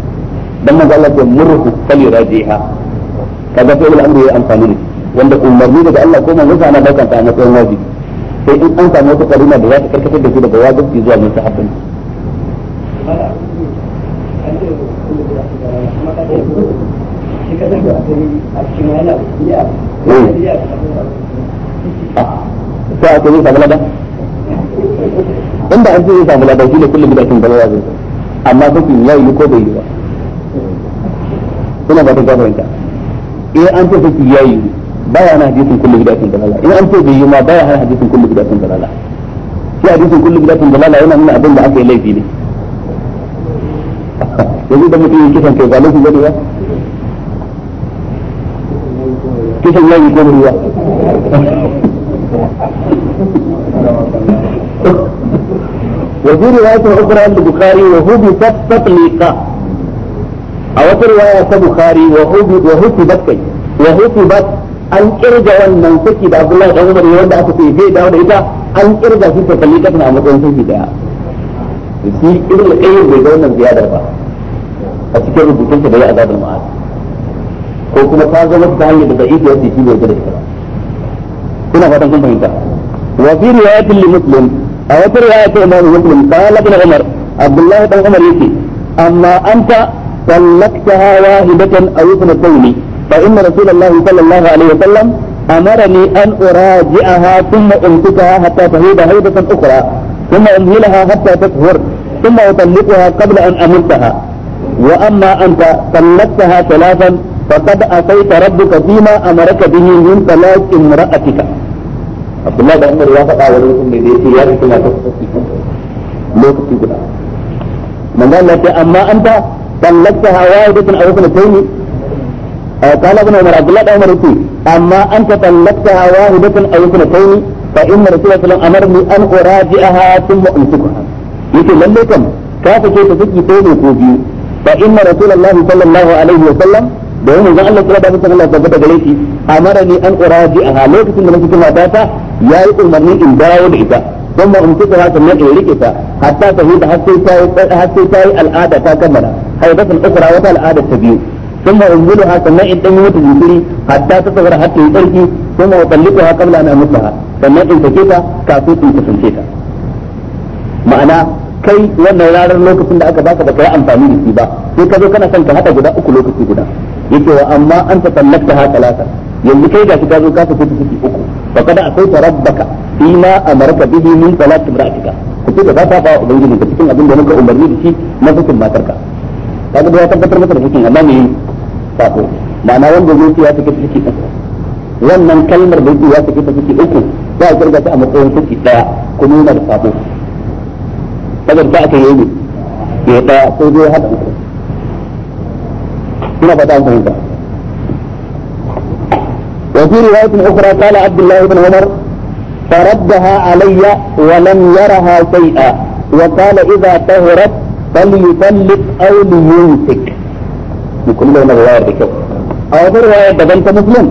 dan manzo Allah ce murhu fali rajiha kaga sai ul amri ya amfani ne wanda umarni daga Allah ko manzo na daukan ta matsayin wajibi sai in an samu wata karina da za ta karkatar da shi daga wajibi zuwa mustahabbi eh. sai a kuma samu ladan inda an ce samu ladan shi ne kullum bid'atin balala zai amma yayi ko bai yi ba ina ba ta gafarta in eh, an ce saki yayi ya na hadisin kullu bidatin dalala in an ce bai yi ma ya hana hadisin kullu bidatin dalala shi hadisin kullu bidatin dalala yana nuna abin da aka yi laifi ne yanzu da mutum yin kisan kai ba laifin bane ba kisan yayi ko ruwa وفي رواية أخرى للبخاري وهو بفتح تطليقه a wata riwaya ta bukhari wa hudu wa hudu bakai wa hudu bak an kirga wannan saki da abdullahi dan umar wanda aka ce bai dawo da ita an kirga shi ta kalli kafin a matsayin saki daya shi ibn qayyim bai ga wannan ziyadar ba a cikin rubutun sa da ya azabul ma'ad ko kuma ta zama ta hanyar da da'ifi wanda shi bai da ita kuna fatan kun fahimta wa fi riwayatin li muslim a wata riwaya ta imamu muslim qala ibn umar abdullahi dan umar yake amma anta طلقتها واحدة أو اثنتين فإن رسول الله صلى الله عليه وسلم أمرني أن أراجعها ثم أمسكها حتى تهيب هيبة أخرى ثم أمهلها حتى تطهر ثم أطلقها قبل أن أمرتها وأما أنت طلقتها ثلاثا فقد أتيت ربك فيما أمرك به من طلاق امرأتك عبد الله بن عمر وافق على wa rukun da zai ce ya طلقتها واحدة أو اثنتين قال ابن عمر عبد الله بن عمر يقول أما أنت طلقتها واحدة أو اثنتين فإن رسول الله صلى الله عليه وسلم أمرني أن أراجعها ثم أمسكها يقول لم يكن كيف كيف تجي تيني كوبي فإن رسول الله صلى الله عليه وسلم domin manzon Allah kira da mutum Allah tabbata gare shi amara ni an uraji'aha lokacin da nake cikin matata yayi umarni in dawo da ita don ba umsu ta haka nan rike ta hatta ta hida hatta ta yi al'ada ta kamara har da kan ukura wata ta biyu sun ba umsu haka nan in ɗanyi mutu jinkiri hatta ta tsara hatta yi ɗarki sun ba wata liƙo haka mula na mutu ha sannan in take ta kafin in kusance ma'ana kai wannan ranar lokacin da aka baka ba ka yi amfani da shi ba sai ka zo kana son ka hada guda uku lokaci guda yake wa amma an ta tallata haka lasar yanzu kai gashi ka zo ka fito ta ciki uku fa kada akwai ta rabbaka fi ma amarka bihi min salati imra'atika ku ce ba ta fa ubangiji ka cikin abin da muka umarni da shi na cikin matarka ka da ya tabbatar maka da cikin amma ne ko ma'ana wanda zai ce ya take ta ciki uku wannan kalmar da yake ya take ta ciki uku za a kirga ta a matsayin ciki daya ku nuna da sabo kadar ta aka yi ne ya ta ko zai hada uku ina fata an fahimta وفي رواية أخرى قال عبد الله بن عمر فردها علي ولم يرها شيئا وقال إذا طهرت فليطلق أو ليمسك بكل لون الرواية بكم أو في رواية دبنت مسلم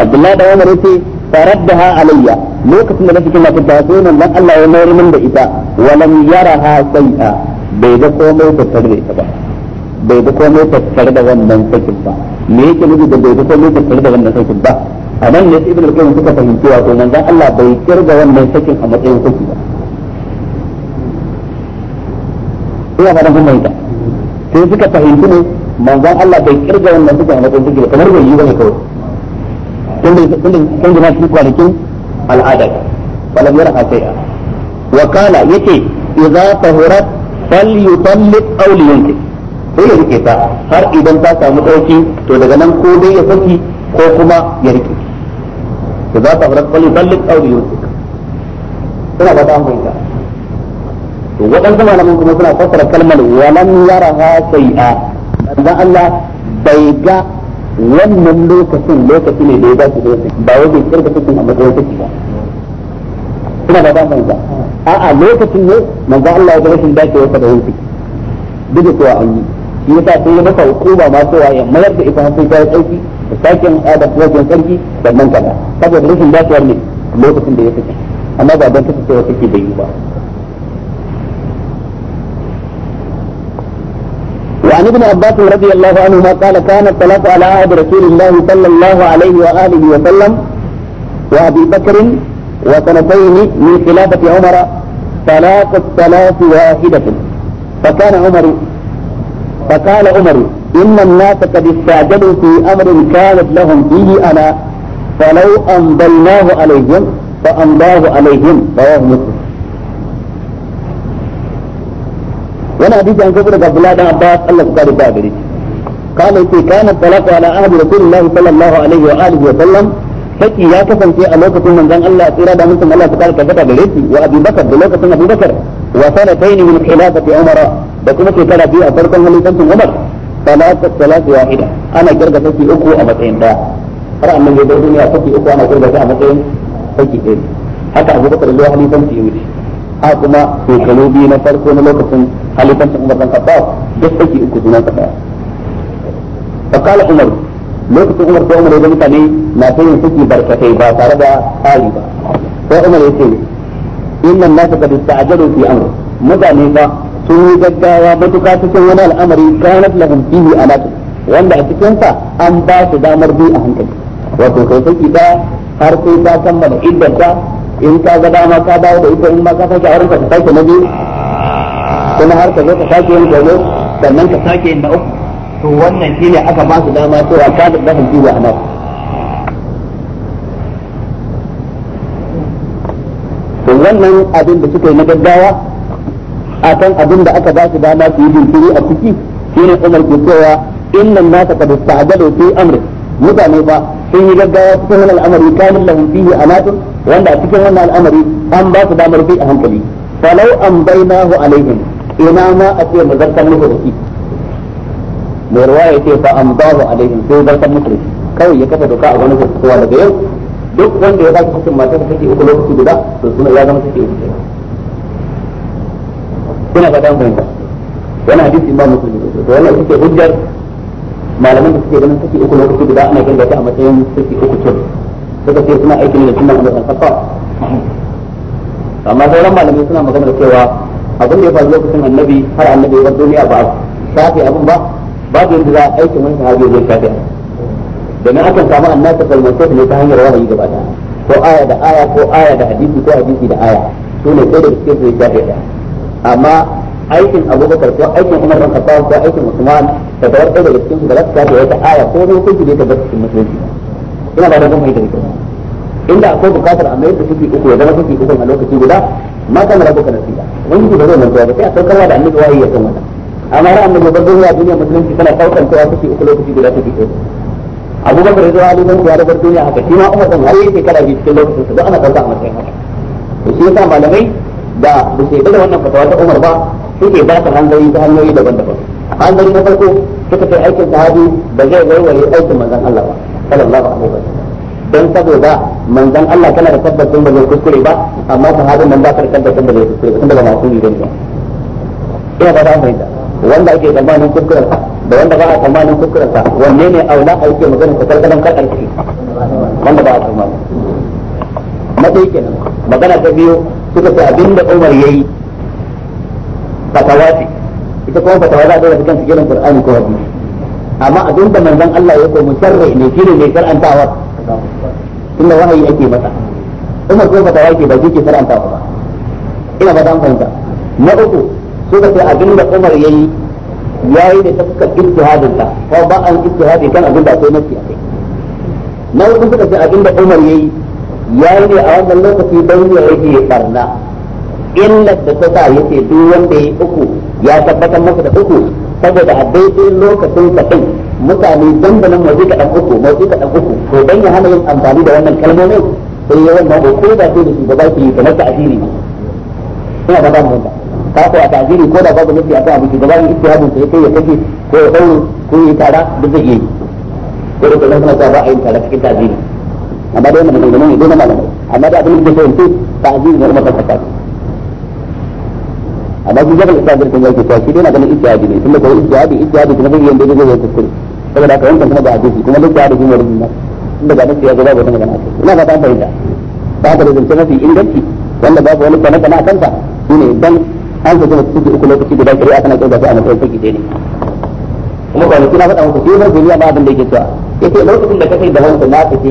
عبد الله بن عمر يقول فردها علي lokacin da نفسك ما ta dace الله يمر من ya ولم يرها da ita walam yaraha sai'a bai da komai tattare da ita ba bai me yake nufi da bai fito lokacin da wannan sakin ba a nan ne ibn al-qayyim suka fahimci wato manzon Allah bai kirga wannan sakin a matsayin saki ba ina ba da fahimta sai suka fahimci ne manzon Allah bai kirga wannan sakin a matsayin saki ba kamar bai yi bane kawai tun da na cikin kwanakin al'adar wala yarha shay'a wa kana yake idza tahurat falyutalliq aw liyantik sai ya rike ta har idan ta samu dauki to daga nan ko dai ya saki ko kuma ya rike to za ta farar kwalli ballik aure yau suna ba ta an fahimta to waɗansu malaman kuma suna fassara kalmar walan yara ha a. dan Allah bai ga wannan lokacin lokaci ne da ya dace da saki ba wajen bai kirka cikin a matsayin saki ba suna ba ta an fahimta a'a lokacin ne manzo Allah ya ga rashin dacewa da yin saki duk da cewa an yi shi ta sai masa hukuma ma cewa ya mayar da ita sai ta yi aiki da sakin adab da wajen sarki da nan kaza saboda rashin dakiyar ne lokacin da ya fice amma ba don cewa take da yi ba وعن ابن عباس رضي الله عنهما قال كان الصلاة على عهد رسول الله صلى الله عليه وآله وسلم وأبي بكر وسنتين من خلافة عمر طلاق الصلاة واحدة فكان عمر فقال عمر إن الناس قد استعجلوا في أمر كانت لهم فيه أنا فلو انضلناه عليهم فأمضاه عليهم رواه مسلم وانا حديث عن كفر عبد الله بن عباس الله سبحانه وتعالى قال يتي كان الطلاق على عهد رسول الله صلى الله عليه وآله وسلم saki يا كفن في lokacin من Allah الله في mutum Allah الله تعالى tabbata gare وابي بكر Abu ابي بكر lokacin من خلافه عمر da kuma shekara biyu a farkon halittancin Umar salatu salatu wahida ana kirga saki uku a matsayin daya har annan ya bar duniya saki uku ana kirga ta a matsayin saki ɗaya haka Abu Bakar ya halittanci ya wuce a kuma shekaru biyu na farko na lokacin halittancin Umar dan Khattab duk saki uku sunan ka daya fa kala Umar lokacin Umar sai Umar ya mutane na ta yin saki barkatai ba tare da tsari ba sai Umar ya ce inna an-nasa qad ista'jalu fi amr mutane ba sun yi gaggawa matuƙa cikin wani al'amari kanat lahum fihi alatu wanda a cikin sa an ba su damar bi a hankali wato kai saki da har sai ta kammala ta in ka ga dama ka dawo da ita in ma ka sake auren ka sake na biyu kuma har ka zo ka sake yin gobe sannan ka sake yin na uku to wannan shine aka ba su dama cewa da lahum fihi alatu to wannan abin da suka yi na gaggawa kan abin da aka ba su dama su yi jinkiri a ciki shine Umar ke cewa innan nasa qad ista'jalu fi amri mutane ba sun yi gaggawa cikin wannan al'amari kanin lahum fihi anatun wanda a cikin wannan al'amari an ba su damar bi a hankali falau an bainahu alaihim ina ma a ce mazartar muku da shi mai ruwa ya ce fa an bahu alaihim sai zartar muku da shi kawai ya kafa doka a wani hukuma daga yau duk wanda ya ba shi kusin matar take uku lokaci guda to suna ya zama take uku kuna fata mun fahimta wani hadisi ba muslim ne to wannan yake hujjar malaman da suke ganin take uku lokaci guda ana ganin ta a matsayin saki uku tun suka ce suna aiki ne da sunan Umar kafa amma sauran malamai suna magana cewa abin da ya faru lokacin annabi har annabi ya duniya ba shafi abin ba ba da yadda za a aikin wani sahabi zai shafi da na akan samu salman kalmantar ne ta hanyar wahayi gaba ko aya da aya ko aya da hadisi ko hadisi da aya su ne sai da suke zai shafi ɗaya amma aikin abubakar ko aikin umar bin khattab ko aikin usman da da wata daga cikin su da zaka wata aya ko ne kuke da cikin musulunci ina ba da mun fahimta kike inda akwai bukatar a mayar da suke uku ya zama suke uku a lokaci guda ma kana rabu kana tsira wani ki da zai mantuwa ba sai a saukarwa da annabi wahayi ya san wannan amma har annabi babban duniya duniya musulunci tana kaukan cewa suke uku lokaci guda suke uku abubakar ya zo ali ban kuwa da bar duniya haka shi ma umar bin wahayi ke kada bi cikin lokacin sa ba ana dauka a matsayin haka to shi yasa malamai da ba su da wannan fatawa ta Umar ba suke ba hanzari ta hanyoyi daban-daban hanzari na farko suka ce aikin sahabi ba zai warware aikin manzan Allah ba sallallahu alaihi wa don saboda manzan Allah kana da tabbacin da zai kuskure ba amma sahabin nan ba ka da tabbacin zai kuskure ba ba masu a tsammanin ne a ta magana ta biyu suka ce da Umar ya yi ce ita kuma fatawa za ta kan cikin Qur'ani ko hadisi amma abinda manzon Allah ya ko musharri ne shine mai kar'antawa tunda wahayi ake masa Umar ko fatawa ke ba ke kar'antawa ba ina ba dan fahimta na uku suka ce abinda Umar yi yayi da ta fuskar ijtihadin ta ko ba an ijtihadi kan abinda sai nasi a kai na uku suka ce abinda Umar ya yi. ya yi ne a wannan lokaci don ya rage barna illar da ta sa yace duk wanda ya uku ya tabbatar masa da uku saboda a daidai lokacin ka kai mutane waje ka kaɗan uku ka kaɗan uku to dan ya hana yin amfani da wannan kalmomin sai ya wannan ba ko da sai da shugaba ke yi kamar ta'aziri ne ina ba damu da ka ko a ta'aziri ko da babu nufi a ba miki da yin istihadin sa ya kai ya kace ko ya ɗaure ko ya tara duk zai yi ko da kana suna ba a yin tara cikin ta'aziri amma dai wannan maganganun ne dai na malamai amma da abin da ke yanzu ta'aziz ne umar khattab amma shi jabal islam zirkin yake cewa shi dai na ganin ijtihadi ne tunda kawai ijtihadi ijtihadi kuma zai yanda zai zai kuskure saboda haka wancan kuma da hadisi kuma duk da kuma rubin nan tunda ga nan ya ga magana akai ina fata an fahimta ta haka da zance mafi inganci wanda babu wani kana kana kanta ne dan an fito mutum cikin uku lokaci guda a tana kai da su a matsayin sarki ɗaya ne kuma kwanaki na faɗa muku shi zai ba abin da yake cewa yake lokacin da ka kai da wani na ka ce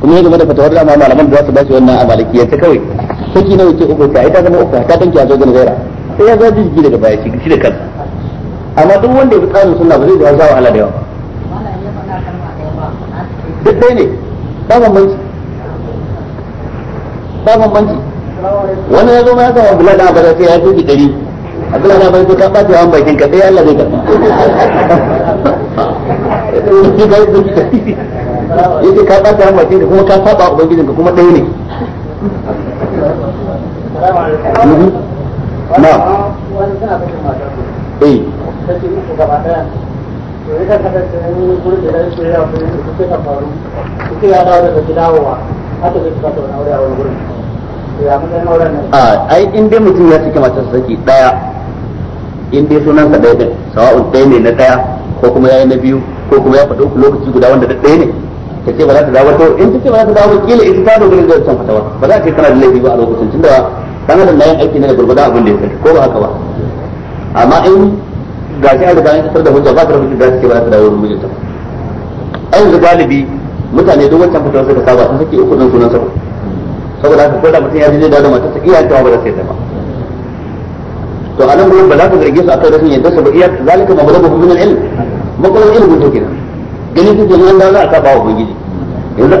kuma ya zama da fatawar dama malaman da za su ba shi wannan a malikiyarsa kawai saki nawa wuce uku ka ita zama uku ta tanki a zo gani gaira sai ya zaji jiki daga baya shi da kansa amma duk wanda ya fi tsarin sunna ba zai da za wahala da yawa duk dai ne ba bambanci ba bambanci wani ya zo ma ya samu abdullahi da abada sai ya fi ɗari abdullahi da abada sai ka ɓata yawan bakin ka sai Allah zai karɓa yace ka bata ran bace da kuma ka saba ubangijinka kuma ɗaya ne na eh a ah, in dai mutum ya cike matar saki daya in dai sunan sa daya sawa'un ɗaya ne na daya ko kuma yayi na biyu ko kuma ya faɗo lokaci guda wanda da ɗaya ne ta ce ba za ta dawo to in ta ce ba za ta dawo kila ita ta dogara da wancan fatawa ba za ka kana da laifi ba a lokacin tunda dan adam na yin aiki ne da gurbada abin da ya sani ko ba haka ba amma in ga shi an riga an fitar da hujja ba ta da hujja za ta ce ba za ta dawo wurin mijinta ba ai da galibi mutane duk wancan fatawa suka saba sun sake uku nan sunan sa saboda haka ko da mutum ya je da matarsa ta ba za ta yi ba to anan gurin ba za ka zarge su akan rashin yadda su ba iya zalika ma ba da hukumin ilmi makulun ilmi to kenan gani za a saba wa ubangiji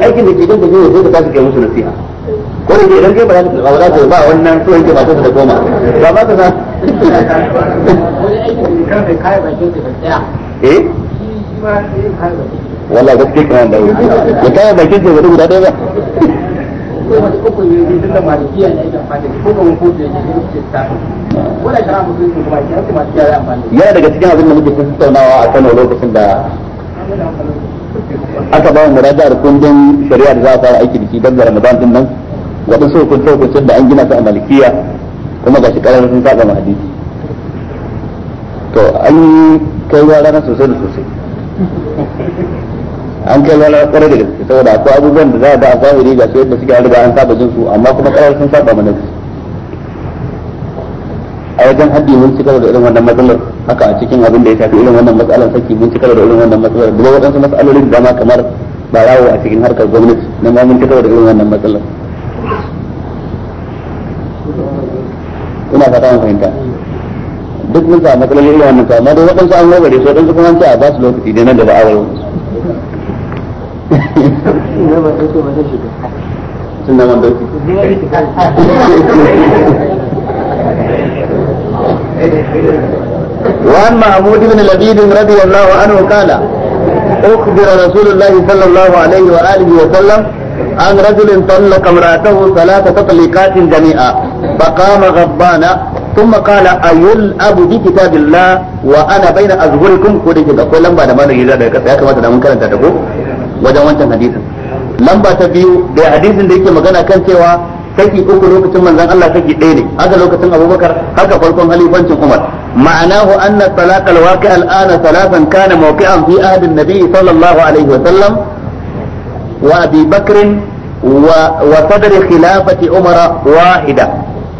aikin da ke sai ka kai musu nasiha ko da ke idan kai ba za ka ba za ka ba wannan ba eh? da goma ba ba ka sa eh da ya kai bakin ka gudu guda ba wani da yana daga cikin abin da muke tattaunawa a Kano lokacin da aka ba mu radar kundin shari'a da za a fara aiki da shi dan Ramadan din nan waɗansu hukunce hukuncen da an gina su a malikiya kuma ga shi ƙarar sun saba ma hadisi to an yi kai ruwa rana sosai da sosai an kai ruwa rana kwarai da gaske saboda akwai abubuwan da za a da a zahiri ga su yadda suke an riga an saba jinsu su amma kuma ƙarar sun saba ma nafsi a wajen haddi mun ci karo da irin wannan matsalar haka a cikin abin da ya shafi irin wannan matsalar saki mun ci karo da irin wannan matsalar da waɗansu matsalolin da dama kamar ba barawo a cikin harkar gwamnati na ma mun ci karo da irin wannan matsalar ina fata mun fahimta duk mun samu matsaloli irin wannan amma da waɗansu an warware su waɗansu kuma an ce a ba su lokaci da nan da ba a warware sun na wanda وعن عمود بن لبيد رضي الله عنه قال أخبر رسول الله صلى الله عليه وآله وسلم عن رجل طلق امراته ثلاث تطليقات جميعا فقام غضبانا ثم قال ايل أيلأب بكتاب الله وانا بين أظهركم كده تقول لما أنا ما نجي ذلك يا كما تنامون كلا تتقو وجوانتا حديثا lamba ta biyu da hadisin da yake magana kan cewa saki uku lokacin manzon Allah saki ɗaya ne haka lokacin Abubakar haka farkon halifancin Umar ma'anahu anna talaq al-waqi al-ana thalathan kana mawqi'an fi ahd an-nabi sallallahu alaihi wa sallam wa Abi Bakr wa wa sadr khilafati Umar wahida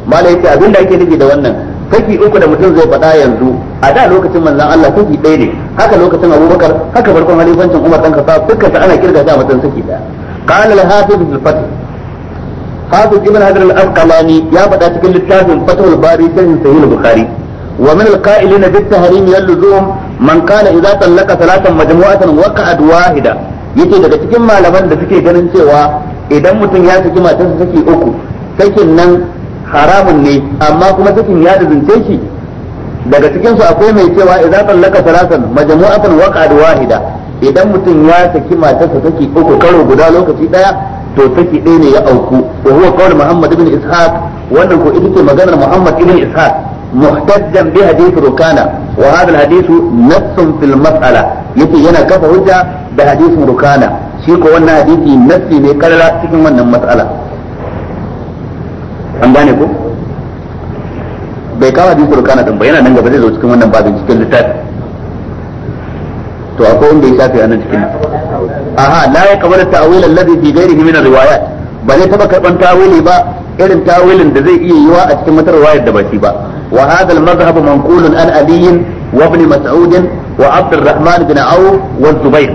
malaika abinda ake nufi da wannan saki uku da mutum zai faɗa yanzu a da lokacin manzon Allah saki ɗaya ne haka lokacin Abubakar haka farkon halifancin Umar dan Khattab dukkan ana kirga da mutum saki ɗaya qala al-hafiz bil fath حافظ ابن حجر الأسقلاني يا ya faɗa cikin littafin الباري bari sahih البخاري ومن القائلين wa min al-qa'ilina bit tahrim yalzum man kana idza yake daga cikin malaman da suke ganin cewa idan mutum ya saki matarsa saki uku sakin nan haramun ne amma kuma sakin ya dazince shi daga cikin su akwai mai cewa idza tallaqa salatan majmu'atan waqa'at wahida idan mutum ya saki matarsa saki uku karo guda lokaci daya to saki ɗaya ne ya auku wa huwa qawl Muhammad ibn Ishaq wannan ko ita ce maganar Muhammad ibn Ishaq muhtajjan bi hadith rukana wa hadha al-hadith nassun fil mas'ala yace yana kafa hujja da hadithin rukana shi ko wannan hadisi nassi ne karara cikin wannan mas'ala an gane ko bai kawo hadithin rukana din ba yana nan gaba zai zo cikin wannan babin cikin littafi to akwai wanda ya shafe a nan cikin aha la ya da ta'awil alladhi fi ghairihi min riwayat ba zai taba karban tawili ba irin tawilin da zai iya yiwa a cikin wata riwayar da ba shi ba wa hadha al-madhhab an aliyin wa ibn mas'ud wa abd al-rahman bin auf wa zubair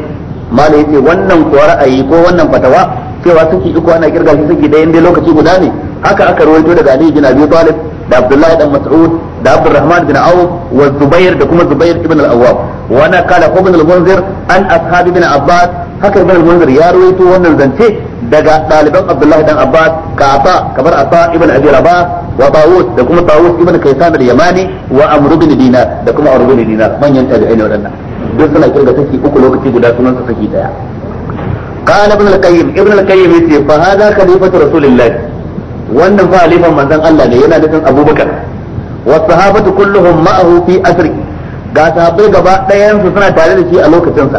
malai yace wannan ko ra'ayi ko wannan fatawa cewa suke iko ana kirga shi suke da inda lokaci guda ne haka aka rawaito daga Ali bin Abi Talib da Abdullahi dan Mas'ud da Abdurrahman bin Auf wa Zubair da kuma Zubair ibn al-Awwab wa na kala Ibn al-Munzir an ashabi bin Abbas haka ibn al-munzir ya rawaito wannan zance daga daliban abdullahi dan abbas ka kamar ata ibn abi rabah wa tawus da kuma tawus ibn kaysan al-yamani wa amr ibn dinar da kuma amr ibn dinar manyan tabi'ai ne wadannan duk suna kirga saki uku lokaci guda sunan sa saki daya قال ابن القيم ابن القيم يقول فهذا خليفة رسول الله وان خليفة من الله ne yana nufin Abu Bakar والصحابة كلهم معه في أسره ga sahabbai gaba ɗayan su suna tare da shi a lokacin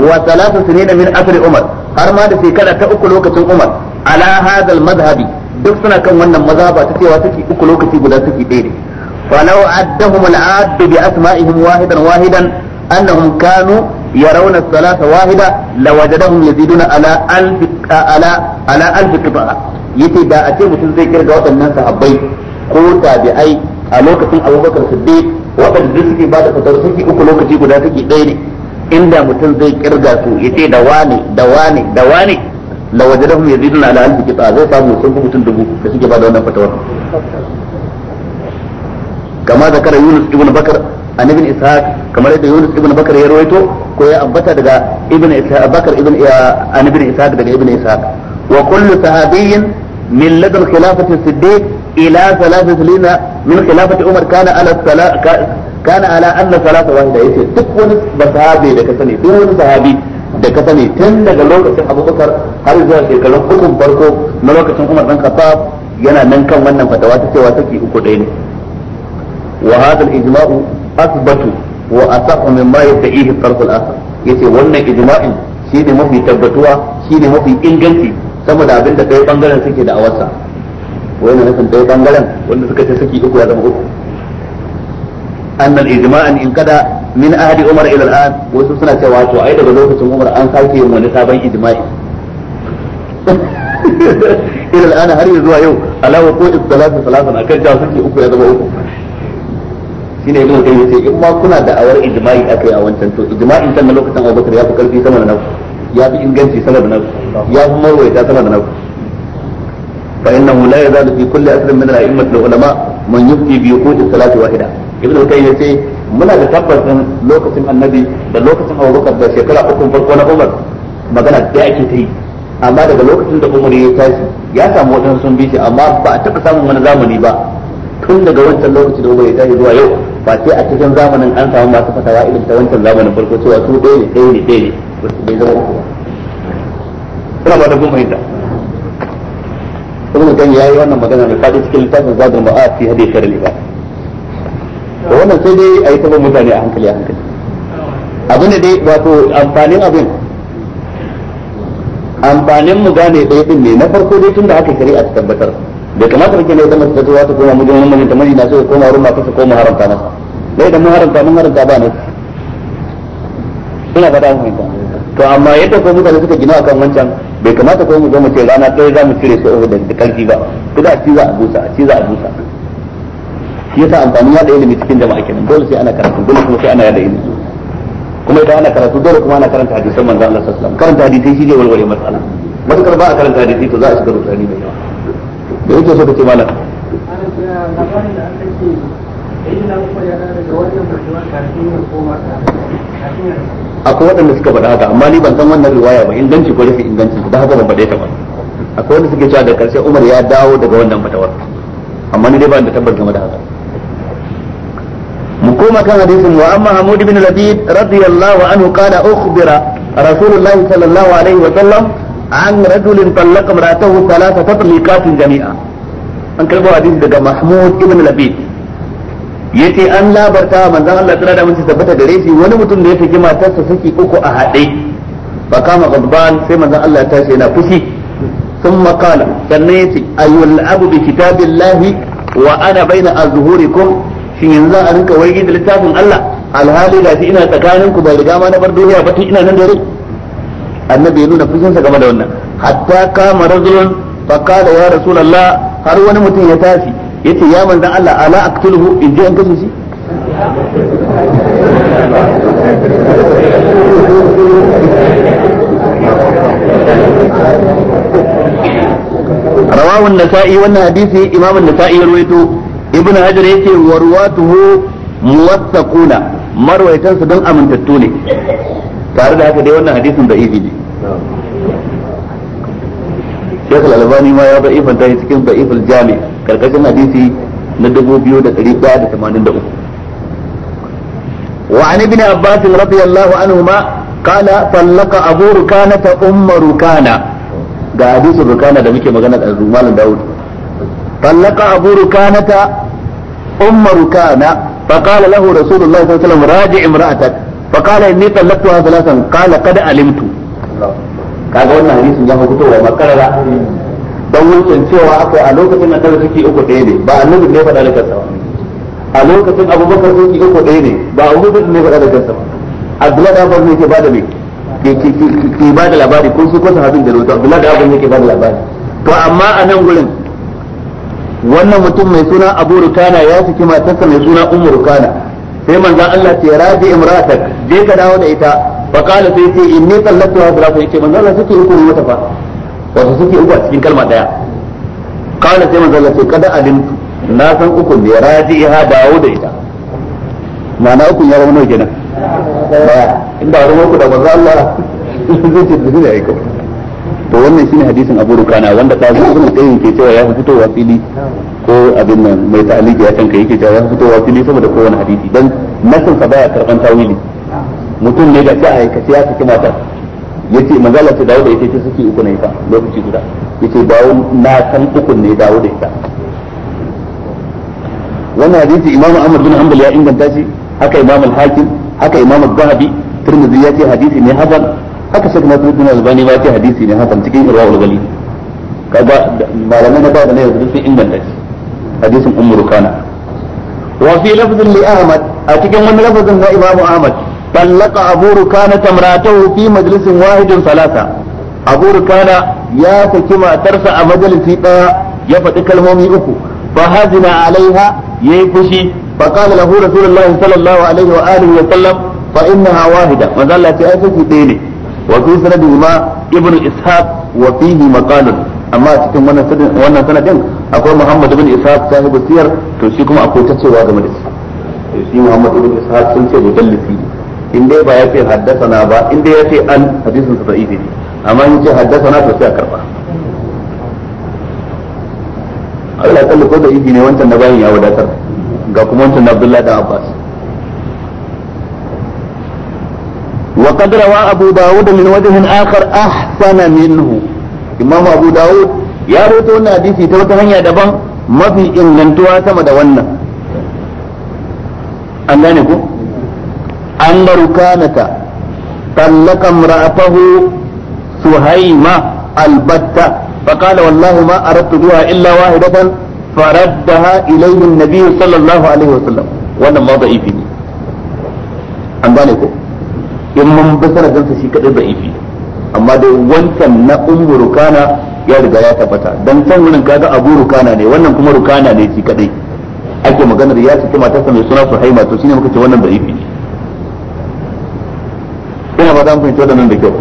wa salasa sinina min asri umar har ma da shekara ta uku lokacin umar ala hadal madhhabi duk suna kan wannan mazhaba ta cewa take uku lokaci guda take ɗaya ne falau addahum al'ad bi asma'ihim wahidan wahidan annahum kanu yarawna salasa wahida lawajadahum yaziduna ala alf ala ala alf qita'a yace da a ce mutum zai kirga waɗannan sahabbai ko tabi'ai a lokacin abubakar siddiq waɗanda duk suke ba da fatar suke uku lokaci guda take ɗaya ne inda mutum zai kirga su ya ce da wane da wane da wane la wajadahum yaziduna ala alfi kitsa zai samu sun fi mutum dubu da suke ba da wannan fatawar kama da kara Yunus ibn Bakar a nibin Ishaq kamar yadda Yunus ibn Bakar ya rawaito ko ya ambata daga ibn Ishaq Bakar ibn a ibn Ishaq daga ibn Ishaq wa kullu sahabiyyin min ladan khilafati Siddiq ila salina min khilafati Umar kana ala kana ala anna salata wahida yace duk wani sahabi da ka sani duk wani sahabi da ka sani tun daga lokacin Abubakar har zuwa shekarun ukun farko na lokacin Umar dan Khattab yana nan kan wannan fatawa ta cewa saki uku ɗaya ne wa hadha ijmau asbatu wa asahhu mimma yata'ihi al-tarf al-akhar yace wannan ijma'in shine mafi tabbatuwa shine mafi inganci sama da abin da ɗaya bangaren suke da awarsa wannan nufin ɗaya bangaren wanda suka ce saki uku ya zama uku أن الإجماع انقضى من أهل عمر إلى الآن وسوسنا تواجه أيضا بلوكة عمر أن خالتي ونقابين إجماعي إلى الآن هل يزوى يوم على وقوع الثلاثة ثلاثة أكل جاسوسي أكو يا أكو shine ibn kai yace in ma kuna da awar ijma'i akai a wancan to ijma'in kan na lokacin Abu Bakar ya fi karfi sama da naku ya fi inganci sama da naku ya fi marwaita sama da naku fa innahu la yazalu fi kulli asrin min ibnu kai ce muna da tabbacin lokacin annabi da lokacin abubakar da shekara uku farko na umar magana da ake ta yi amma daga lokacin da umar ya tashi ya samu wajen sun bi shi amma ba a taɓa samun wani zamani ba tun daga wancan lokacin da umar ya tashi zuwa yau ba sai a cikin zamanin an samu masu fatawa irin ta wancan zamanin farko cewa su ɗaya ne ɗaya ne ɗaya ne ba su bai zama uku ba kuna ba da gumma yadda ibn ya yayi wannan magana ne fadi cikin littafin zadul ma'a fi hadith sharri ba wannan sai dai a yi taɓa mutane a hankali a hankali abin da dai wato amfanin abin amfanin mu gane ɗaya ɗin ne na farko dai tun da aka shari'a ta tabbatar da kamata muke ne ita mace ta zuwa ta koma mijin wani mijin ta mijina sai koma wurin matarsa ko mu haramta masa dai da mu haramta mun haramta ba ne suna fata mu to amma yadda ko mutane suka gina akan wancan bai kamata ko mu zo mu ce rana ɗaya za mu cire su da karfi ba kuma a ci za a busa a ci za a busa shi yasa amfani ya da ilimi cikin jama'a kenan dole sai ana karatu dole kuma sai ana yada ilimi kuma idan ana karatu dole kuma ana karanta hadisan manzo Allah sallallahu alaihi wasallam karanta hadisi shi ne walwale matsala matukar ba a karanta hadisi to za a shiga rudani mai yawa da yake so kace malam akwai waɗanda suka faɗa haka amma ni ban san wannan riwaya ba inganci ko rufe inganci da haka ban faɗe ta ba akwai wanda suke cewa da karshe Umar ya dawo daga wannan fatawar amma ni dai ba da tabbar game da haka koma kan hadisin wa amma Hamud ibn Labid radiyallahu anhu qala ukhbira Rasulullahi sallallahu alaihi wa sallam an rajulin tallaqa imra'atahu thalatha tatliqatin jami'a an karbo hadisi daga Mahmud ibn Labid yace an labarta manzon Allah tsara da mun tabbata gare shi wani mutum da ya saki matarsa saki uku a haɗe ba kama ghadban sai manzon Allah ya tashi yana fushi ثم قال سنيتي أيلعب بكتاب الله وأنا بين أظهركم shin yanzu za a rinka wargi da littafin Allah alhali ga ina tsakanin ku ba riga ma na bar duniya ba tun ina nan dare annabi ya nuna fushinsa game da wannan hatta kama rajulun faqala ya rasulullah har wani mutum ya tashi yace ya manzon Allah ala aqtuluhu in je an kashe shi رواه النسائي والنهديثي إمام النسائي رويته ibnu hajar yace warwatuhu muwattaquna marwayatan su don amintattu ne tare da haka dai wannan hadisin da ibi ne Sheikh Al-Albani ma ya da'ifan ta cikin da'ifal jami karkashin hadisi na 2183 wa an ibn Abbas radiyallahu anhuma qala talaqa Abu Rukana ta umma Rukana ga hadisin Rukana da muke magana da Malam Dawud talaqa Abu Rukana ta أم كان فقال له رسول الله صلى الله عليه وسلم راجع امرأتك فقال إني طلقتها ثلاثا قال قد علمت kaga wannan hadisin ya fito wa makarara don wancan cewa a lokacin uku ɗaya ne ba annabi ne faɗa da kansa ba a lokacin abubakar uku ɗaya ne ba ne faɗa da kansa ba abdullahi da abubakar me ke ba da labari ko su da abdullahi da abubakar labari to amma a nan gurin wannan mutum mai suna abu rukana ya saki matarsa mai suna ummu rukana sai manzon Allah ce raji imratak je ka dawo da ita fa qala sai ce inni qallatu wa salatu yace manzon Allah suke uku mata fa wato suke uku a cikin kalma daya qala sai manzon Allah ce kada alimtu na san uku ne raji ha dawo da ita uku ya rawo kenan inda rawo ku da Allah zai ce zai aika to wannan shine hadisin Abu Rukana wanda ta da kuma ɗayan ke cewa ya wa fili ko abin nan mai ta'aliki ya kanka yake cewa ya wa fili saboda kowane hadisi dan nasin sa baya karban tawili mutum ne da ta aikace ya saki mata yace manzo Allah ta dawo da ita ta saki uku ne ita lokaci guda yace dawo na san uku ne dawo da ita wannan hadisi Imam Ahmad bin Hanbal ya inganta shi haka Imam Al-Hakim haka Imam Al-Zahabi Tirmidhi ya ce hadisi ne hasan haka sai kuma turutun albani ma ce hadisi ne hasan cikin irwa ulgali kaga malamai na bada ne yanzu sun inganta shi hadisin ummu rukana wa fi lafzin li ahmad a cikin wani lafazin na imamu ahmad طلق أبو ركانة امرأته في مجلس واحد ثلاثة أبو ركانة يا سكما ترسى مجلس يفتح كلمومي أكو فهزن عليها يفشي فقال sallallahu alaihi الله صلى الله عليه وآله وسلم فإنها واحدة ما زال لا تأتي في ne. وفي fi sanadihima ibn ishaq wa fihi maqalun amma cikin wannan wannan sanadin akwai muhammad ibn ishaq sahib siyar to shi kuma akwai tacewa cewa game da shi shi muhammad ibn ishaq sun ce mudallisi in dai ba ya ce haddasa na ba in dai ya ce an hadisin sa sa'ifi ne amma in ce haddasa na to sai a karba Allah ya kalli ko da ne wancan da bayin ya wadatar ga kuma wancan na Abdullahi da Abbas وقد روى أبو داود من وجه آخر أحسن منه إمام أبو داود يا ريتون حديثي توتهن يا دبان ما في إن لنتوا سما دوانا أن ذلك أن ركانة طلق امرأته سهيمة البتة فقال والله ما أردت بها إلا واحدة فردها إليه النبي صلى الله عليه وسلم وأنا ما ضعيفني أن ذلك in mun bi sanadinsa shi kadai da ifi amma dai wancan na ummu rukana ya riga ya tabbata dan can wurin kaga abu rukana ne wannan kuma rukana ne shi kadai ake maganar ya kuma ta mai suna suhaima to shine muka ce wannan da ifi ina ba fito da nan da kyau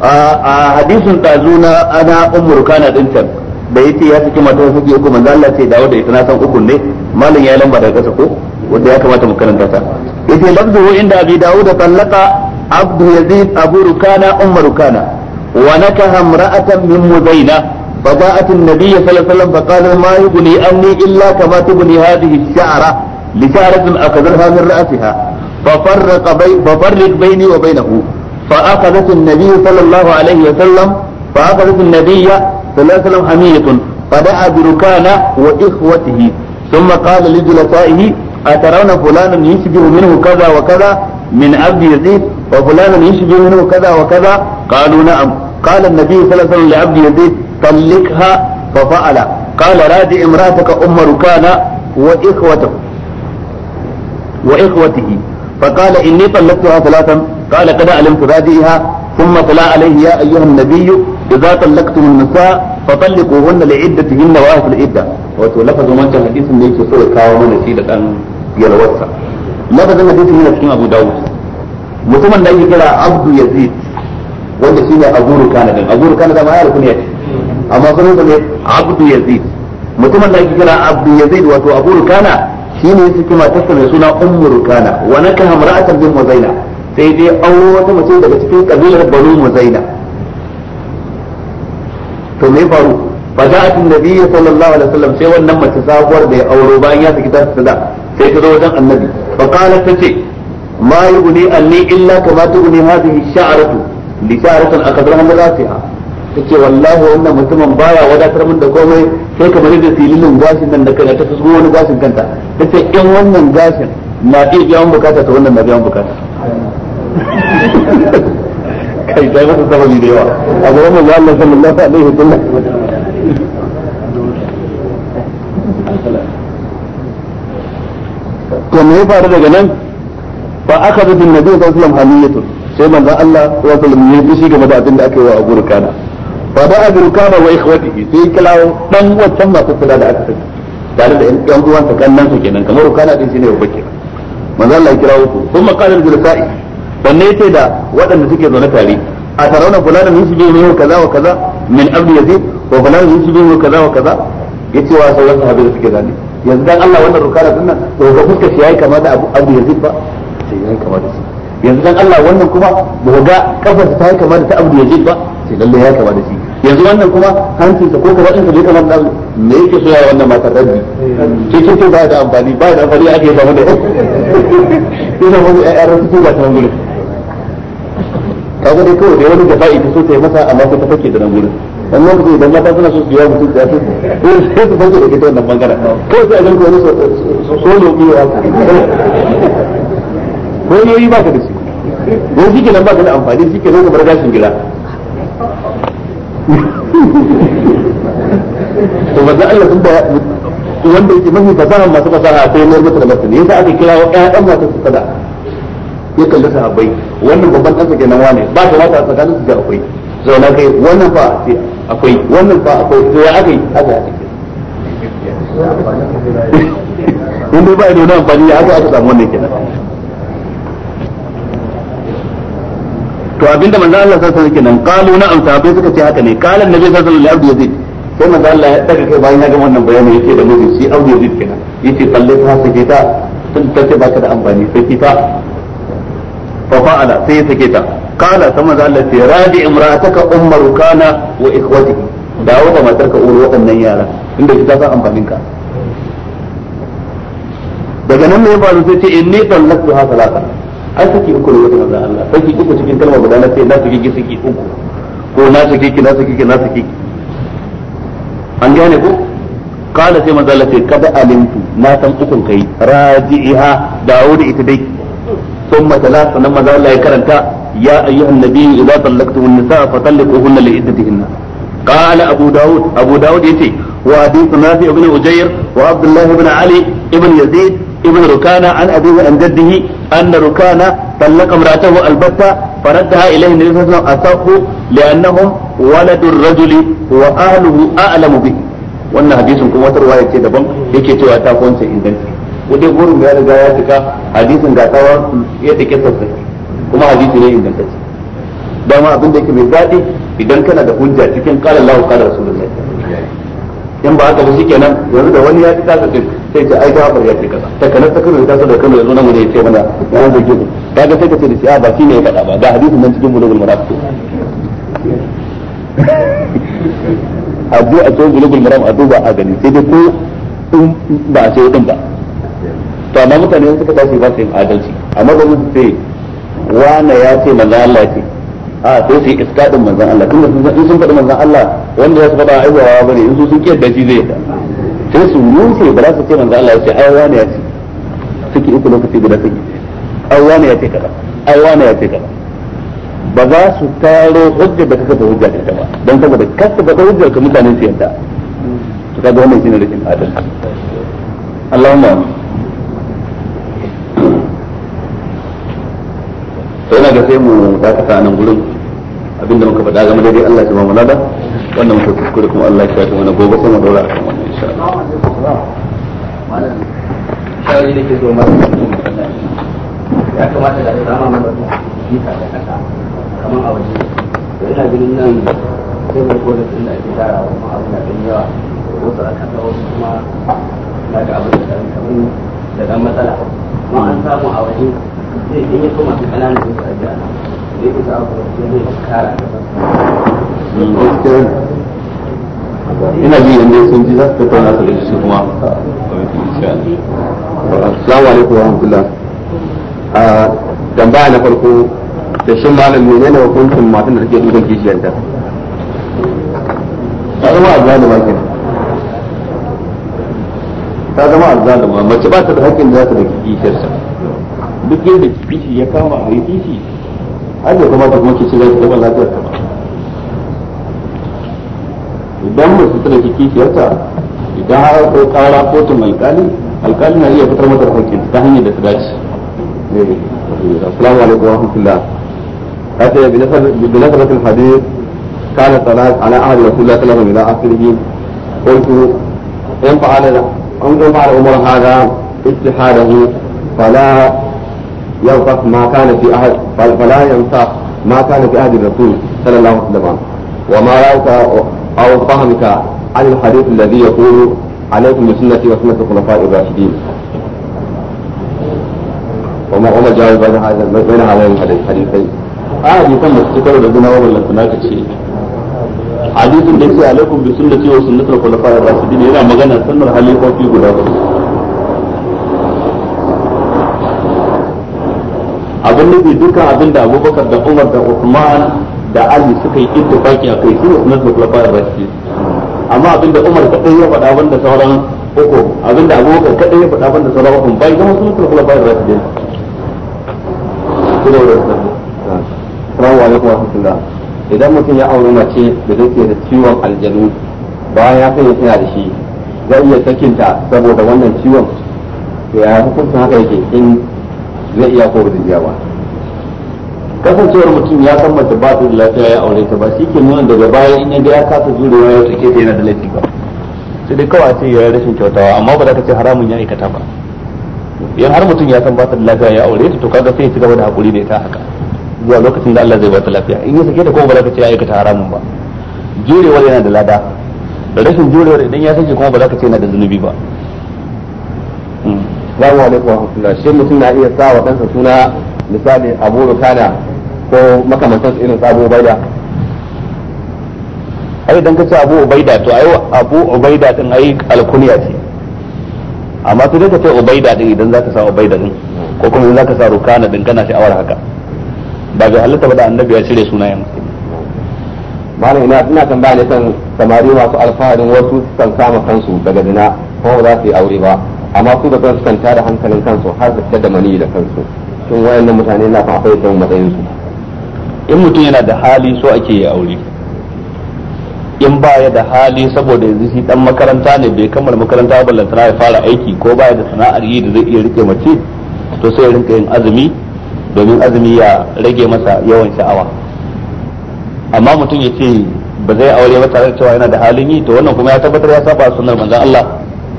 a hadisin tazuna ana ummu rukana din can da yace ya saki matarsa sai uku manzo Allah ce dawo da ita na san uku ne Mallan ya lamba daga kasa ko wanda ya kamata mu karanta ta yace lafzu inda abi da tallaka عبد يزيد أبو ركانة أم ركانة ونكه امرأة من مزينة فضاءت النبي صلى الله عليه وسلم فقال ما يغني عني إلا كما تغني هذه الشعرة لشعرة أخذها من رأسها ففرق بي ففرق بيني وبينه فأخذت النبي صلى الله عليه وسلم فأخذت النبي صلى الله عليه وسلم حمية فدعا بركانة وإخوته ثم قال لجلسائه أترون فلانا يشبه منه كذا وكذا من عبد يزيد وفلان يشبه منه كذا وكذا قالوا نعم قال النبي صلى الله عليه وسلم لعبد يزيد طلقها ففعل قال راد امرأتك أم ركان وإخوته وإخوته فقال إني طلقتها ثلاثا قال قد علمت رادئها ثم طلع عليه يا أيها النبي إذا طلقتم النساء فطلقوهن لعدتهن واهل العدة wato لفظ من كان حديث yake so كاو من mana shi da لفظ من حديث hadisin ابو داود mutumin da ake kira abdu yazid wanda shine aburu kana din aburu kana da ma'ayar kunya ce amma sunan sa ne abdu yazid mutumin da ake kira abdu yazid wato aburu kana shine yake kuma tasa mai suna ummu rukana wa nakaha mar'atan bin muzaina sai dai auro wata mace daga cikin kabilar banu muzaina to me faru فجاءت النبي sallallahu alaihi عليه وسلم sai wannan mace sabuwar da ya auro bayan ya saki ta sada sai ta zo wajen annabi fa qalat tace ما يغني عني إلا كما تغني هذه الشعرة لشعرة أخذها من راسها tace wallahi wannan mutumin baya wadatar min da komai sai kamar da filin gashin nan da kai ta tsugo wani gashin kanta tace in wannan gashin na iya biyan bukata ta wannan na biyan bukata kai dai masa sababi da yawa a gaban manzo Allah sallallahu alaihi wasallam to me ya faru daga nan fa aka bi bin nabi sallallahu alaihi wasallam haliyatun sai manzo Allah sallallahu alaihi wasallam ya bishi game da abin da aka yi wa Abu Rukana fa da Abu Rukana wa ikhwatihi sai kilawo dan wancan masu kula da aka saki. tare da yan uwan sa kannan su kenan kamar Rukana din shine babba kenan manzo Allah ya kirawo su kuma qalan bil sa'i wanne yace da waɗanda suke zaune tare a tarauna fulanin bin ne kaza wa kaza min abdi yazid wa fulanin bin ne kaza wa kaza yace wa sauran sahabbai suke zane yanzu dan Allah wannan rukana din nan to ga fuskar shi yayi kama da Abu Yazid ba ce yayi kama da shi yanzu dan Allah wannan kuma ba ga kafarsa ta yi kama da ta Abu Yazid ba sai lalle yi kama da shi yanzu wannan kuma hancinsa ko kafa ɗinsa bai kama da me yake so ya wannan matar rabbi ce ko ba da amfani ba da amfani ake ba da ina wani ƴaƴan rasu ko ba ta gurin ga dai kawai dai wani jafa'i ta so ta masa amma ko ta fake da nan gurin dan nan gurin idan mata suna so su yawa mutum da su ko sai su fake da ita wannan bangaren kawai sai a ganka wani so so so so ko yoyi ba ka da su ko shi ba ka da amfani shi kenan ka bar gashin gida to manzo Allah sun da wanda yake mafi fasaha masu fasaha sai mai masa da masa ne yasa aka kira ƴaƴan masu su sada ya kalli sahabbai wannan babban ɗansa kenan wane ba ta wata tsakanin su da akwai zauna kai wannan fa akwai wannan fa akwai to ya aka yi aka yi in dai ba da wani amfani ya aka aka samu wannan kenan to abinda manzo Allah sallallahu alaihi wasallam kenan qalu na'am sahabbai suka ce haka ne qala annabi sallallahu alaihi wasallam abdu yazid sai manzo Allah ya daga kai bayan ya gama wannan bayani yace da mijin shi abdu yazid kenan yace falle ta sake ta tun ta ce baka da amfani sai kita fa fa'ala sai ya sake ta qala sai manzo Allah ce radi imra'ataka ummaru kana wa ikhwatiki dawo da matarka uwar waɗannan yara inda kita san amfanin ka daga nan ne ya faru sai ce inni tallaqtu ha salatan ai saki uku ne wajen manzon Allah saki uku cikin kalma guda na sai na saki ki saki uku ko na saki ki na saki ki na saki ki an gane ku. kala sai manzon Allah sai kada alimtu na san ukun kai raji'iha dawo da ita dai ثم ثلاث فلما ذا الله يكرنتا يا أيها النبي إذا طلقتم النساء فطلقوهن لعدتهن قال أبو داود أبو داود يتي وحديث نافع بن أجير وعبد الله بن علي بن يزيد بن ركانة عن أبيه عن جده أن ركانا طلق امرأته البتة فردها إليه النبي صلى الله عليه وسلم أصحه لأنهم ولد الرجل وأهله أعلم به wannan hadisin kuma wata ruwaya ce daban yake cewa ta kwance inganci wajen gurin ya riga ya cika hadisin ga tsawa ya take sosai kuma hadisi ne ingantacce dama abin da yake mai daɗi idan kana da hujja cikin qala Allahu qala Rasulullahi in ba haka ba shikenan yanzu da wani ya ci tsaka sai ce ai ta ya ce kaza ta kanar ta da ta da ya zo nan wani ya ce mana ya zage ku kaga sai ka ce da siya a ba shi ne ya faɗa ba ga hadisun nan cikin bulugul maram abu a cikin bulugul maram a duba a gani sai dai ko ba a ce ɗin ba to amma mutane yanzu suka tashi ba su yin adalci amma ba su ce wane ya ce manzan Allah ce a sai su yi iskadin manzan Allah tun da sun faɗi manzan Allah wanda ya su faɗa aiwawa ba ne in su sun kiyar da shi zai yadda sai su rufe ba za su ce manzo Allah ya ce ai wani ya ce suke uku lokaci guda sun yi ai wani ya ce kaza ai wani ya ce kaza ba za su taro hujja da kaka da hujja da ta ba don saboda kasa ba hujja ka mutane su yadda to kaga wannan shine rikin adalci Allahumma to ina ga sai mu dakata nan gurin abinda muka faɗa game da dai Allah ya ba mu lada wannan mutum kuskure kuma Allah ya shafe mana gobe sama daura a akan shawari da ke zo masu ya kamata da da kasa kamar a waje da ina ganin nan sai mai sun da ake tara kuma abin da yawa wasu a kasa wasu kuma na ga abin da ɗan kamar da ɗan matsala kuma an samu a waje zai yi ƙananan a zai abu da zai kara da ina ji yanzu sun ji za su tattauna su gaji su kuma assalamu alaikum wa rahmatullah a tambaya na farko da shin malam menene hukuncin matan da take dukan kishiyar ta zama da baki. ta zama azzalima mace ba ta da hakkin da za ta da kishiyarsa duk yadda kishi ya kama a yi kishi har da kuma ta kuma kishi za ta zama lafiyar ta idan ba su tare jiki shi yasa idan kara kotun alkali alkali na iya fitar masa hukunci ta da su da eh, umar hada istihadahu fala yanfaq أو فهمك عن الحديث الذي يقول عليكم بسنتي وسنة الخلفاء الراشدين وما وما جاء بين هذا بين هذين الحديثين آه يكون مستقر لدينا ولا هناك شيء hadisin da yake alaikum bi sunnati wa sunnatul khulafa'ir rasidin yana magana sunnar halifofi guda ba abin nufi duka abin da Abubakar da Umar da Uthman da Ali suka yi baki a kai su Usman bin Affan baki amma abinda Umar kadai ya faɗa wanda sauran uku abinda Abubakar kadai ya faɗa wanda sauran uku bai zama sunan da Rashid Assalamu alaikum wa rahmatullah idan mutum ya auri mace da take da ciwon aljanu bayan ya sanya tana da shi zai iya sakinta saboda wannan ciwon to ya hukuncin haka yake in zai iya ko ba zai iya ba kasancewar mutum ya san mace ba ta da lafiya ya aure ta ba shi ke nuna daga baya in yadda ya kasa jurewa ya wata ta yana da laifi ba sai dai kawai ce ya rashin kyautawa amma ba za ka ce haramun ya aikata ba yan har mutum ya san ba ta da lafiya ya aure ta to kaga sai ya ci gaba da hakuri da ita haka zuwa lokacin da Allah zai ba ta lafiya in ya sake ta kuma ba za ka ce ya aikata haramun ba jurewar yana da lada da rashin jurewar idan ya sake kuma ba za ka ce yana da zunubi ba hmm. Assalamu alaikum wa rahmatullah shi mutum na iya sa wa kansa suna misali Abu Rukana ko makamantan su irin abu ubaida ai dan ce abu ubaida to ai abu ubaida din ai alkuniya ce amma sai dai ka ce ubaida din idan ka sa ubaida din ko kuma idan ka sa rukana din kana sha'awar haka ba ga halitta ba da annabi ya cire sunayen malam ina ina tambaya ne kan samari masu alfaharin wasu kan kama kansu daga zina ko za su yi aure ba amma su da kansu kan tada hankalin kansu har da da mani da kansu shin wayannan mutane na kan akwai matsayin su in mutum yana da hali so ake yi aure in baya da hali saboda yanzu shi dan makaranta ne bai kammala makaranta ba lantana ya fara aiki ko baya da sana'ar yi da zai iya rike mace to sai ya rinka yin azumi domin azumi ya rage masa yawan sha'awa amma mutum ya ce ba zai aure ba tare da cewa yana da halin yi to wannan kuma ya tabbatar ya saba sunnar manzon Allah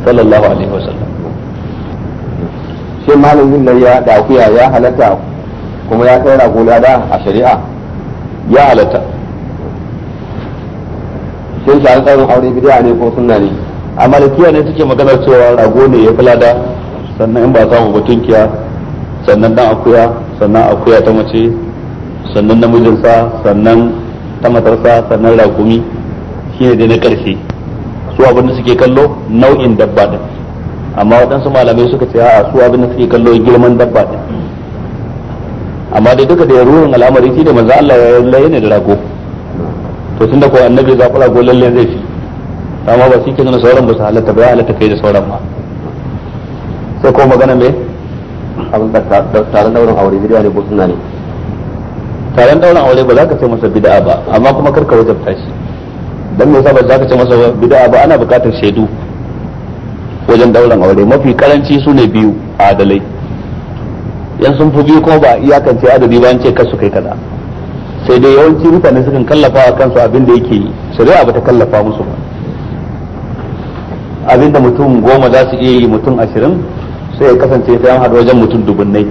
sallallahu alaihi wasallam shi malamin da ya da ya halatta kuma ya kai rago da a shari'a ya halatta sun shi an tsarin aure bidiya ne ko sunna ne a malikiya ne suke maganar cewa rago ne ya da sannan in ba samu ba tunkiya sannan dan akuya sannan akuya ta mace sannan namijinsa sannan ta matarsa sannan rakumi shi ne dai na karshe su abin da suke kallo nau'in dabba din amma waɗansu malamai suka ce a'a su abin da suke kallo girman dabba din amma dai duka da ya ruhin al'amari shi da manzo Allah ya layi ne da rago to tunda ko annabi za rago lalle zai fi amma ba shi ke nuna sauran ba su halatta ba ya halatta kai da sauran ma sai ko magana me abin da taron daurin aure bidiya ne ko suna ne taron daurin aure ba za ka ce masa bida'a ba amma kuma karka wajabta shi dan me yasa ba za ka ce masa bida'a ba ana bukatar shaidu wajen daurin aure mafi karanci su ne biyu adalai yan sun fi biyu kuma ba iyakance adadi ba ce kasu kai kaza sai dai yawanci mutane sukan kallafa a kansu abin da yake shari'a ba ta kallafa musu ba abin mutum goma za su iya yi mutum ashirin sai ya kasance sai an haɗu wajen mutum dubunnai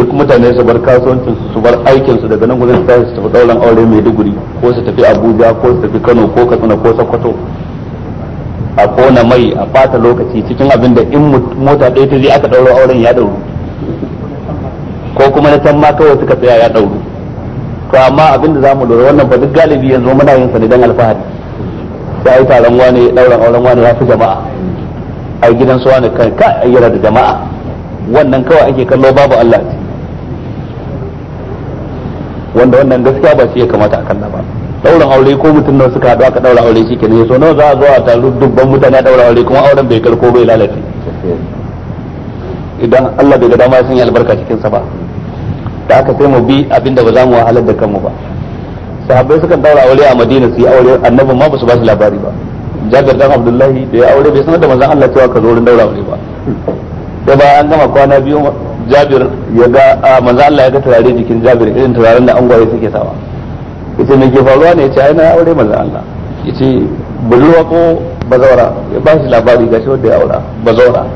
duk mutane su bar kasuwancin su su bar aikin su daga nan gudun su tafi daular aure mai duguri ko su tafi abuja ko su tafi kano ko katsina ko sokoto a kona mai a bata lokaci cikin abin da in mota ɗaya ta je aka ɗauro auren ya ɗauru ko kuma na can ma kawai suka tsaya ya ɗauru to amma abin da zamu lura wannan ba duk galibi yanzu muna yin sa ne dan alfahari sai ai taron wani ɗauran auren wani ya fi jama'a ai gidan su wani kan ka yana da jama'a wannan kawai ake kallo babu Allah wanda wannan gaskiya ba shi ya kamata a kalla ba daura aure ko mutum nan suka haɗuwa ka daura aure shikenan yaso nawa za a zo a taru dubban mutane a daura aure kuma auren bai karko bai lalace idan Allah bai ga dama sun yi albarka cikin sa ba da aka sai mu bi abinda ba za mu wahalar da kanmu ba sahabbai sukan daura aure a Madina su yi aure annabi ma ba su ba su labari ba Jabir dan Abdullahi da ya aure bai sanar da manzon Allah cewa ka zo wurin daura aure ba sai ba an gama kwana biyu Jabir ya ga manzon Allah ya ga turare jikin Jabir irin turaren da angwaye suke sawa yace me ke faruwa ne yace aina na aure manzon Allah yace budurwa ko bazawara ya ba shi labari shi wanda ya aura bazawara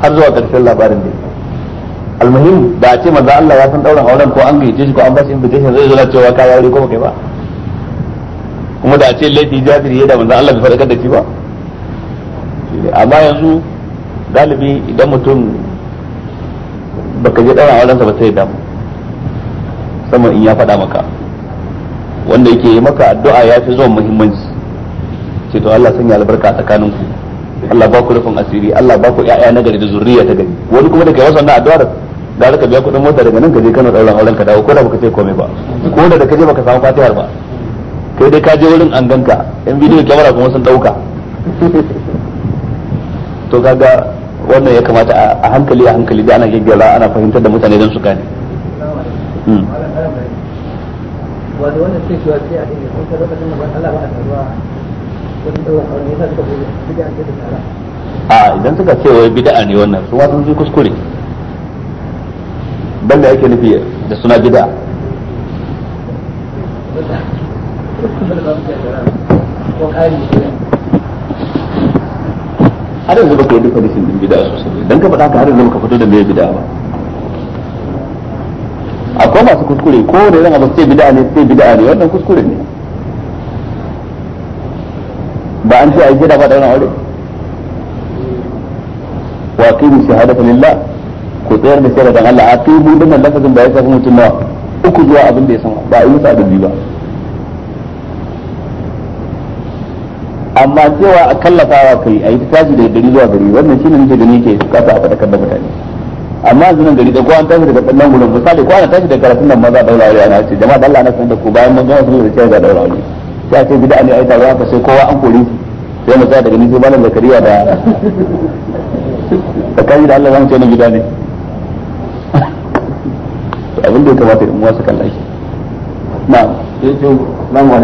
har zuwa karshen labarin da almuhim ba a ce manzon Allah ya san dauran auren ko an gaje shi ko an ba shi invitation zai zo cewa ka aure ko kai ba kuma da a ce laifi jabiri ya da manzon Allah bai fadakar da shi ba amma yanzu galibi idan mutum baka je dauran auren sa ba sai damu sama in ya faɗa maka wanda yake yi maka addu'a ya fi zuwa muhimmanci ce to Allah sanya albarka a tsakanin ku Allah ba ku rufin asiri Allah ba ku ƴaƴa na gari da zuriya ta gari wani kuma da kai wasan na da da zaka biya kuɗin mota daga nan ka je Kano ɗauran auren ka dawo ko da baka ce komai ba ko da ka je baka samu fatihar ba kai dai ka je wurin an ganka yan bidiyo kyamara kuma sun ɗauka to kaga wannan ya kamata a hankali a hankali da ana gaggara ana fahimtar da mutane don su gane hmm. wato wannan shi wasu a cikin kun da Allah ba a taruwa wani da tsara a idan suka ce wai bid'a ne wannan su ma sun ji kuskure da yake nufi da suna bid'a har yanzu ba ka yi duka rashin din bid'a sosai dan ka faɗa ka har yanzu ba ka fito da mai bid'a ba akwai masu kuskure ko da zan abu sai bid'a ne sai bid'a ne wannan kuskure ne ba an ce a yi shaida ba da wani aure wa qimu shahadata lillah ko tsayar da shaida dan Allah a mu dinnan lafazin ba ya shafi mutum nawa uku zuwa abin da ya sama ba a yi musu adabi ba amma cewa a kallafa wa kai a yi ta tashi daga gari zuwa gari wannan shine nake gani ke kasa a fadakar da mutane amma yanzu nan gari da kowa an tashi daga tsallan wurin misali ko ana tashi daga karatun nan maza daura wuri ana ce jama'a Allah na san da ku bayan mun gama sun da cewa ga daura wuri sai a ce bid'a ne ai taruwa ka sai kowa an kore sai mu tsaya daga ni sai da kariya da tsakani da Allah zamu ce na gida ne abin da ya kamata in wasu kan laifi na sai ce nan wa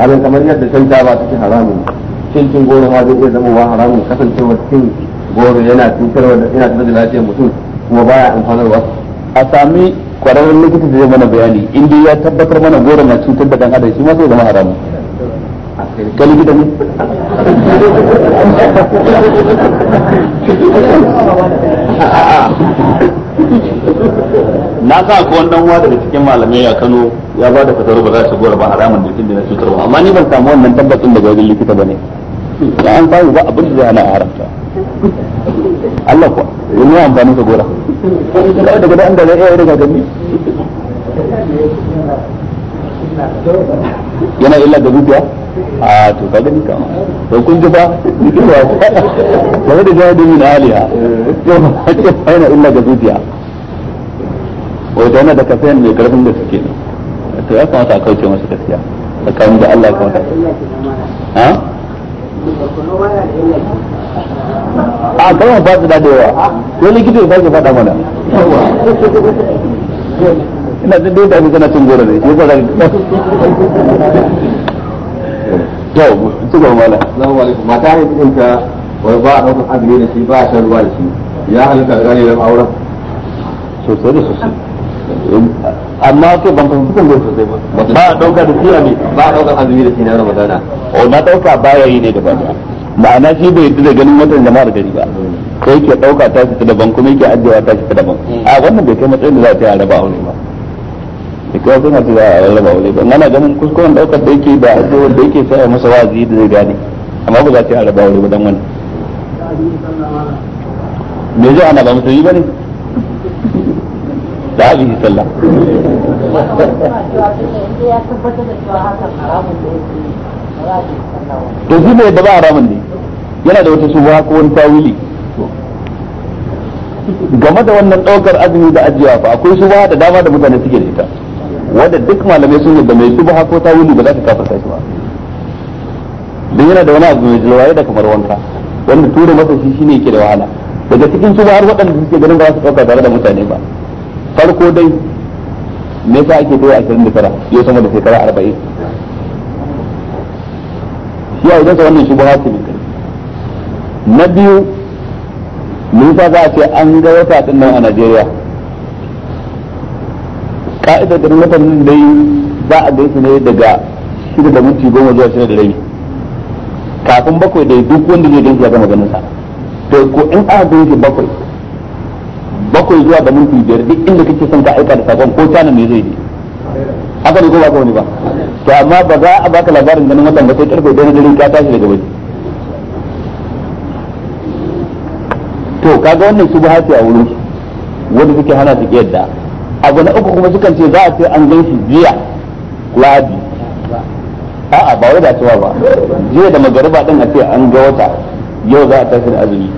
abin kamar yadda can ta ba cikin haramun cin cin goro ma zai iya zama wa haramun kasancewa cin goro yana cutarwa yana cutar da lafiyar mutum kuma baya amfanar wasu a sami kwararren likita da zai mana bayani in dai ya tabbatar mana goro na cutar da dan adam shi ma sai zama haramu ka likita ne na sa ko wannan wa daga cikin malamai a Kano ya ba da fatar ba za su gora ba haramun da kin da na cutarwa amma ni ban samu wannan tabbacin daga wajen likita bane ya an fahimta abin da zai hana a haramta Allah kuwa wani ya amfani ka gora kawai daga da an gare ya daga gani yana illa da dukiya a to ka gani kama to kun ji ba ba da jawo domin aliya yana illa da dukiya wato yana da kafayan mai karfin da suke ne to ya kamata a kauce masa gaskiya tsakanin da Allah ya kamata ha a kalmar fasu da yawa ko likita ya sake faɗa mana ina da dai tafi kana cin gora ne shi yasa zaka to ci gaba mala assalamu alaikum mata ne cikin ta wai ba a daukar azumi da shi ba a shan ruwa da shi ya halitta gane da auren sosai da sosai amma kai ban fahimci kan goro sosai ba ba a dauka da shi ne ba a daukar azumi da shi na ramadana o na dauka baya yi ne da ba ma'ana shi bai yadda da ganin watan jama'ar gari ba ko yake dauka ta shi daban kuma yake ajiyewa ta shi daban a wannan bai kai matsayin da za ta yi a raba aure ba da kawai suna ce za a raba aure ba nana ganin kuskuren daukar da yake da ajiyewar da yake sai masa wazi da zai gane amma ba za ta yi a raba aure ba dan wani me zai ana ba musulmi ba ne da abin yi sallah to shi ne da ba haramun ne yana da wata suwa ko wani tawili game da wannan daukar azumi da ajiyawa fa akwai suwa da dama da mutane suke da ita wanda duk malamai sun yadda mai suwa ko tawili ba za ka kafa shi ba don yana da wani abu mai jalwaye da kamar wanka wanda tura masa shi shine yake da wahala daga cikin su har waɗanda suke ganin ba su ɗauka tare da mutane ba farko dai me yasa ake kai 29 yau sama da shekara 40 ya idan wannan shubha ne na biyu mun fa za a ce an ga wata din nan a Najeriya ka'idar da watan dai za a gaisu ne daga shida da minti goma zuwa shida da rabi kafin bakwai dai duk wanda zai gaisu ya gama ganin sa to ko in a gaisu shi bakwai bakwai zuwa da minti biyar duk inda kake son ka aika da sakon ko tana me zai yi haka ne ko ba ka wani ba to amma ba za a baka labarin ganin wannan ba sai karfe ɗaya dare ka tashi daga waje to kaga wannan su ba a wurin su wanda suke hana su yadda abu na uku kuma sukan ce za a ce an gan shi jiya ladi a'a ba wai da cewa ba jiya da magariba din a ce an ga wata yau za a tashi da azumi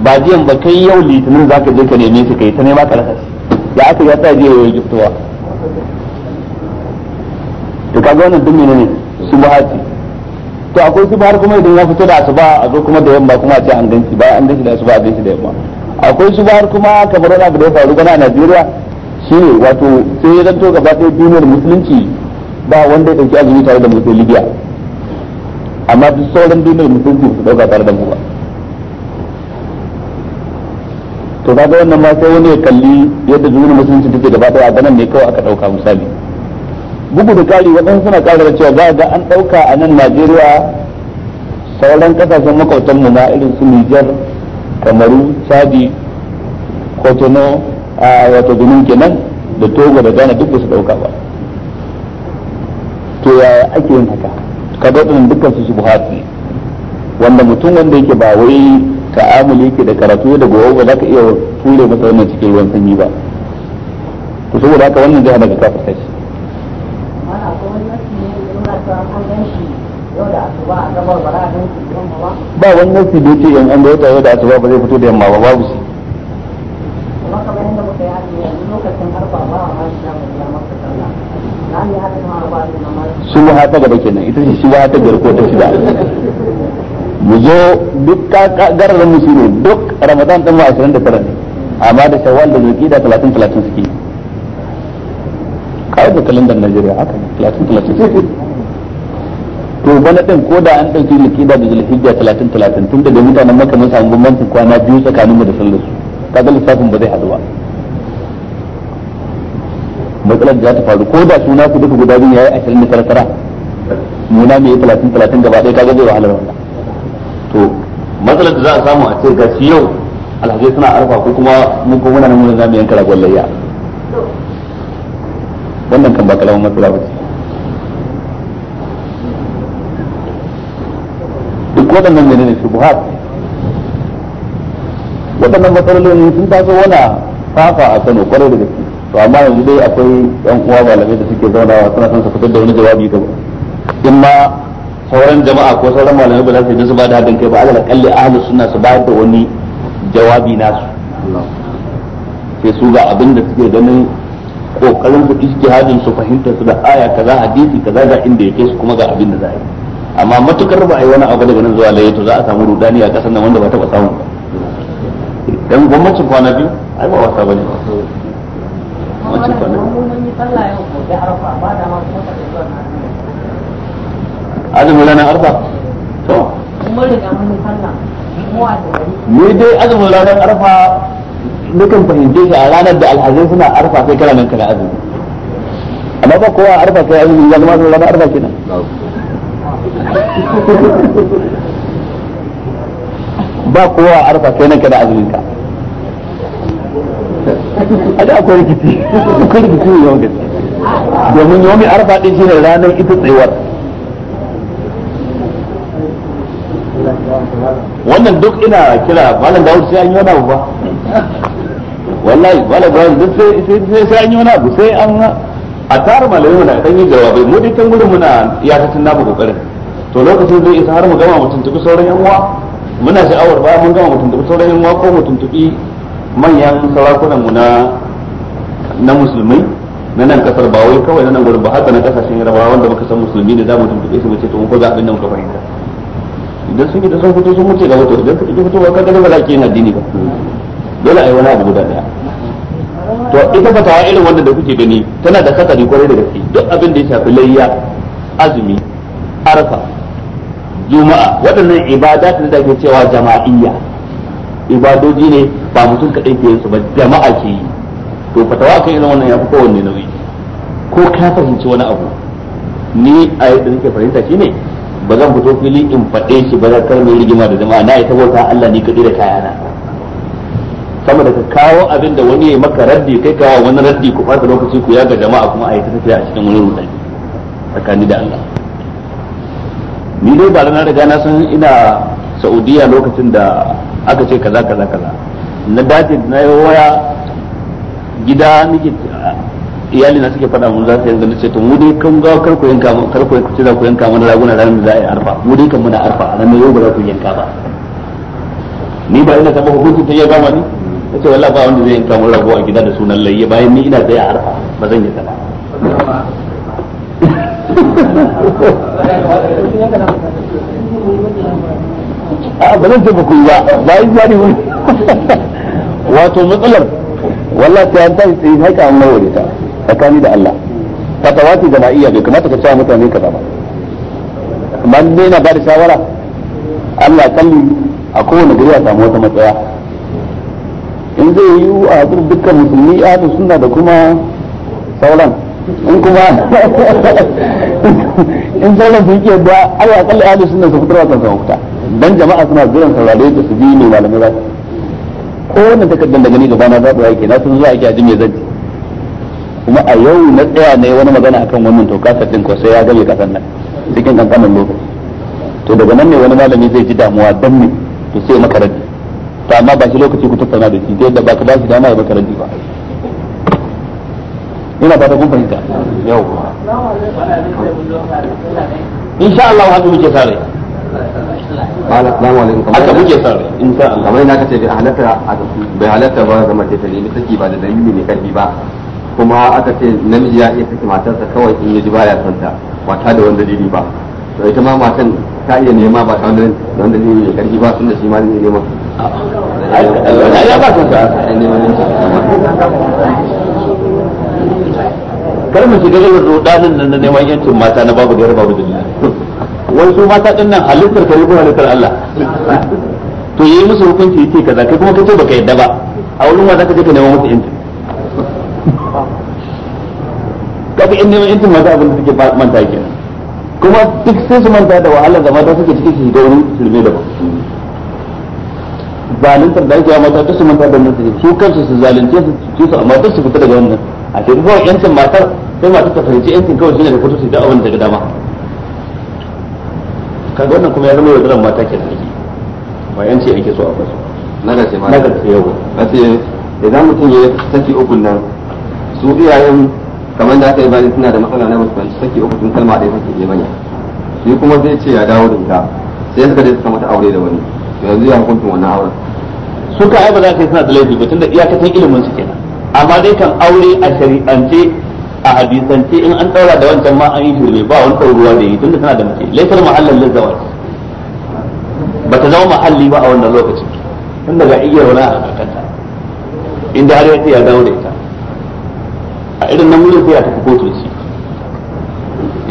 ba jiyan ba kai yau litinin za ka je ka neme shi kai ta nema ka rasa shi ya aka ya ta jiya yau giftowa to kaga wannan duk menene subhati to akwai subhar kuma idan ya fito da asuba a zo kuma da yamma kuma a ce an ganci bayan an ganci da asuba a ganci da yamma akwai subhar kuma kamar wani abu da ya faru gana a Najeriya shine wato sai ya zanto gaba ɗaya duniyar musulunci ba wanda ya ɗauki azumi tare da mu sai Libya amma duk sauran duniyar musulunci su ɗauka tare da mu ba to kaga wannan ma sai wani ya kalli yadda duniyar musulunci take gaba ɗaya a ganan ne kawai aka ɗauka misali bugu da kari waɗansu suna ƙara da cewa za ga an ɗauka a nan najeriya sauran ƙasashen makwabtan mu na irin su nijar kamaru chadi kotono a wato benin kenan da togo da ghana duk su ɗauka ba to ya ake yin haka ka waɗannan dukkan su shubuhat ne wanda mutum wanda yake ba wai ta'amuli yake da karatu da gobe ba za ka iya ture masa wannan cikin ruwan sanyi ba to saboda haka wannan zai hana ka kafa shi ba wani nasi da yake yan da wata da asuba ba zai fito da yamma ba babu shi su ha ta gaba kenan ita ce shi ta garko ta shida mu zo duk garar mu shine duk ramadan din 29 ne amma da shawwal da zulqa'da 30 30 suke kawai da kalandar Najeriya haka 30 30 to bana din ko da an dauki likida da zulhijja 30 30 tun da mutanen makka mun samu bambancin kwana biyu tsakanin mu da sallar su kaga lissafin ba zai hadu ba matsalar da ta faru ko da suna ku duka guda biyu yayi ashirin da tara nuna mai 30 30 gaba ɗaya kaga zai wahalar wannan to matsalar da za a samu a ce ga shi yau alhaji suna arfa ko kuma mun ko muna nan mun zamu yanka ragon wannan kan ba kalaman matsala ba ce duk waɗannan menene shubuhat waɗannan matsalolin sun taso wani fafa a Kano kwarai da gaske to amma yanzu dai akwai yan uwa malamai da suke zaunawa suna son su fitar da wani jawabi ba in ma sauran jama'a ko sauran malamai ba za su yi su ba da haɗin kai ba alal kalli ahlus sunna su bayar da wani jawabi nasu sai su ga abin da suke ganin kokarin su ijtihadin su fahimta su da aya kaza hadisi kaza ga inda yake su kuma ga abin da za a yi amma matukar ba a yi wani abu daga nan zuwa layi to za a samu rudani a kasar nan wanda ba taba samu dan gwamnatin kwana biyu ai ba wasa bane gwamnatin ko ranar arfa to ni dai azumin ranar arfa nukan fahimce shi a ranar da suna arfa sai nan kana azumi amma ba kowa arfa sai azumi ya zama ranar arfa kenan ba kowa a arfa sai nake da azumin ka a da akwai rikici akwai rikici ne yawan gaske domin mai arfa din shine ranar ita tsayuwar wannan duk ina kira malam da wasu an yi wani abu ba wallahi malam da wasu sai sai an yi wani abu sai an a tara malamai muna kan yi jawabai mu dai kan gudun muna tunna namu kokarin to lokacin zai isa har mu gama mu tuntubi sauran yan uwa muna sha'awar ba mun gama mu tuntubi sauran yan uwa ko mu tuntubi manyan sarakunan mu na na musulmai na nan kasar ba wai kawai na nan gurin ba haka na kasashen yarabawa wanda muka san musulmi ne za mu tuntube su mu ce to mun ko ga abin mu muka fahimta idan sun da sun fito sun wuce ga wato idan ka fito ba kaga ba za ka yi addini ba dole a yi wani abu guda daya to ita fatawa irin wannan da kuke gani tana da hatsari kwarai da gaske duk abin da ya shafi layya azumi arfa juma'a waɗannan ibada da take cewa jama'iyya ibadoji ne ba mutum kaɗai ke yin su ba jama'a ke yi to fatawa kan irin wannan ya fi kowanne nauyi ko ka fahimci wani abu ni a yadda nake fahimta shine ba zan fito fili in faɗe shi ba zan karmi rigima da jama'a na yi sabota Allah ni kaɗai da kayana sama da ka kawo abin da wani ya maka raddi kai kawo wani raddi ku fata lokaci ku yaga jama'a kuma a yi ta tafiya a cikin wani rudani tsakani da Allah ni dai ba na riga na san ina Saudiya lokacin da aka ce kaza kaza kaza na dace na yi waya gida nake iyali na suke fada mun za su yanzu ce to mu dai kan ga kar ku yanka kar ku ku za ku yanka mana raguna ranar da za a yi arfa mu dai kan muna arfa ranar yau ba za ku yanka ba ni ba ina taɓa hukunci ta iya gama ni ta ce wallahi ba wanda zai yanka mun rago a gida da sunan layya bayan ni ina zai a arfa ba zan yi kaza a ba zan ce ba yi ba bayan wato matsalar wallahi ta yanta tsaye haika an warware ta tsakani da Allah ta fatawa ce jama'iyya bai kamata ka cewa mutane kaza ba amma ne na ba da shawara Allah kalli a kowane gari a samu wata matsaya in zai yi a haɗu dukkan musulmi ahlus suna da kuma sauran in kuma in sauran su yake da ai a kalli ahlus sunna su fitar kan hukuta dan jama'a suna zuwan saurare da su bi ne malamai za ko wannan takardar da gani gaba na zaɓa yake na sun zuwa ake ajin mai zanci kuma a yau na tsaya ne wani magana akan wannan to kasafin ko sai ya game kasan nan cikin kankanin lokaci to daga nan ne wani malami zai ji damuwa dan ne to sai maka to amma ba shi lokaci ku tattauna da shi ta yadda ba ka ba shi dama ya maka ba ina fata kun fahimta yau insha Allah wani muke sare assalamu alaikum haka muke sare insha Allah kamar yana kace bai halatta bai halatta ba zama ce ta nemi saki ba da dalili ne karfi ba kuma aka ce namiji ya iya saki matarsa kawai in yaji baya son ta ba ta da wanda dalili ba to ita ma matan ta iya nema ba ta wanda wani dalili mai karfi ba tunda shi ma ne nema ya ba mu shiga irin rudanin nan na neman yancin mata na babu gaira babu dalili wai su mata din nan halittar kare ko halittar Allah to yi musu hukunci yace kaza kai kuma kace baka yadda ba a wurin wa zaka je ka neman musu yancin kaga in neman yancin mata abin da suke manta kenan kuma duk sai su manta da wahalar da mata suke cikin shi da wurin shirme da ba zaluntar da ake mata ta su manta da wannan su kansu su zalunce su ci su amma duk su fita daga wannan a ce ba yancin matar sai matar ta fahimci yancin kawai shine da fito su da abin da dama kaga wannan kuma ya zama yaudaran mata ke da ba yanci ake so a basu na ga ce ma na ga ce yau a ce idan mutum ya saki ukun nan su iyayen kamar da aka yi bani suna da matsala na musulunci saki uku tun kalma da ya saki ne bane shi kuma zai ce ya dawo da ita sai suka je suka mata aure da wani yanzu ya hukuncin wannan auren suka ai ba za ka yi suna da laifi ba tunda iyakatan ilimin su kenan amma dai kan aure a shari'ance a hadisance in an daura da wancan ma an yi shirme ba wani ɗauruwa da yi tunda tana da mace laifin mahallin lazzawa ba ta zama mahalli ba a wannan lokacin tun daga iya wani a kakanta inda har yace ya dawo da ita a irin nan wurin sai a tafi kotu shi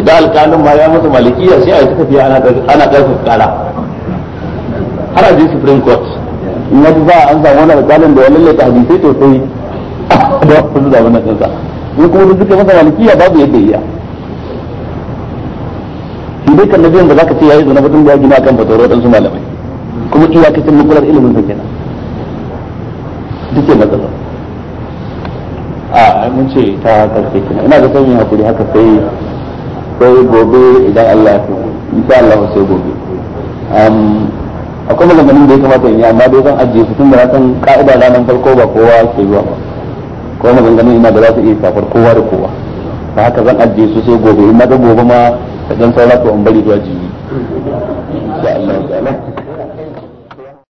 idan alƙalin ma ya masa malikiya sai a yi ta tafiya ana ƙarfafa kara har a je supreme court in ya za a samu wani alƙalin da ya lallata hadisai to sai da wasu da wani kansa in kuma duk suka masa malikiya babu yadda iya shi dai kan nabiyan da zaka ce yayi zina batun da na kan fatawar wadansu malamai kuma iyakacin mukular ilimin sa kenan duke matsalar a mun ce ta karfe kina ina da sanyin hakuri haka sai sai gobe idan Allah ya fi insha Allah sai gobe akwai maganganun da ya kamata in yi amma dai zan ajiye su tun da san ka'ida ranar farko ba kowa ke zuwa ba ko maganganun ina da za su iya shafar kowa da kowa ba haka zan ajiye su sai gobe in na ga gobe ma da dan saura to in bari zuwa jibi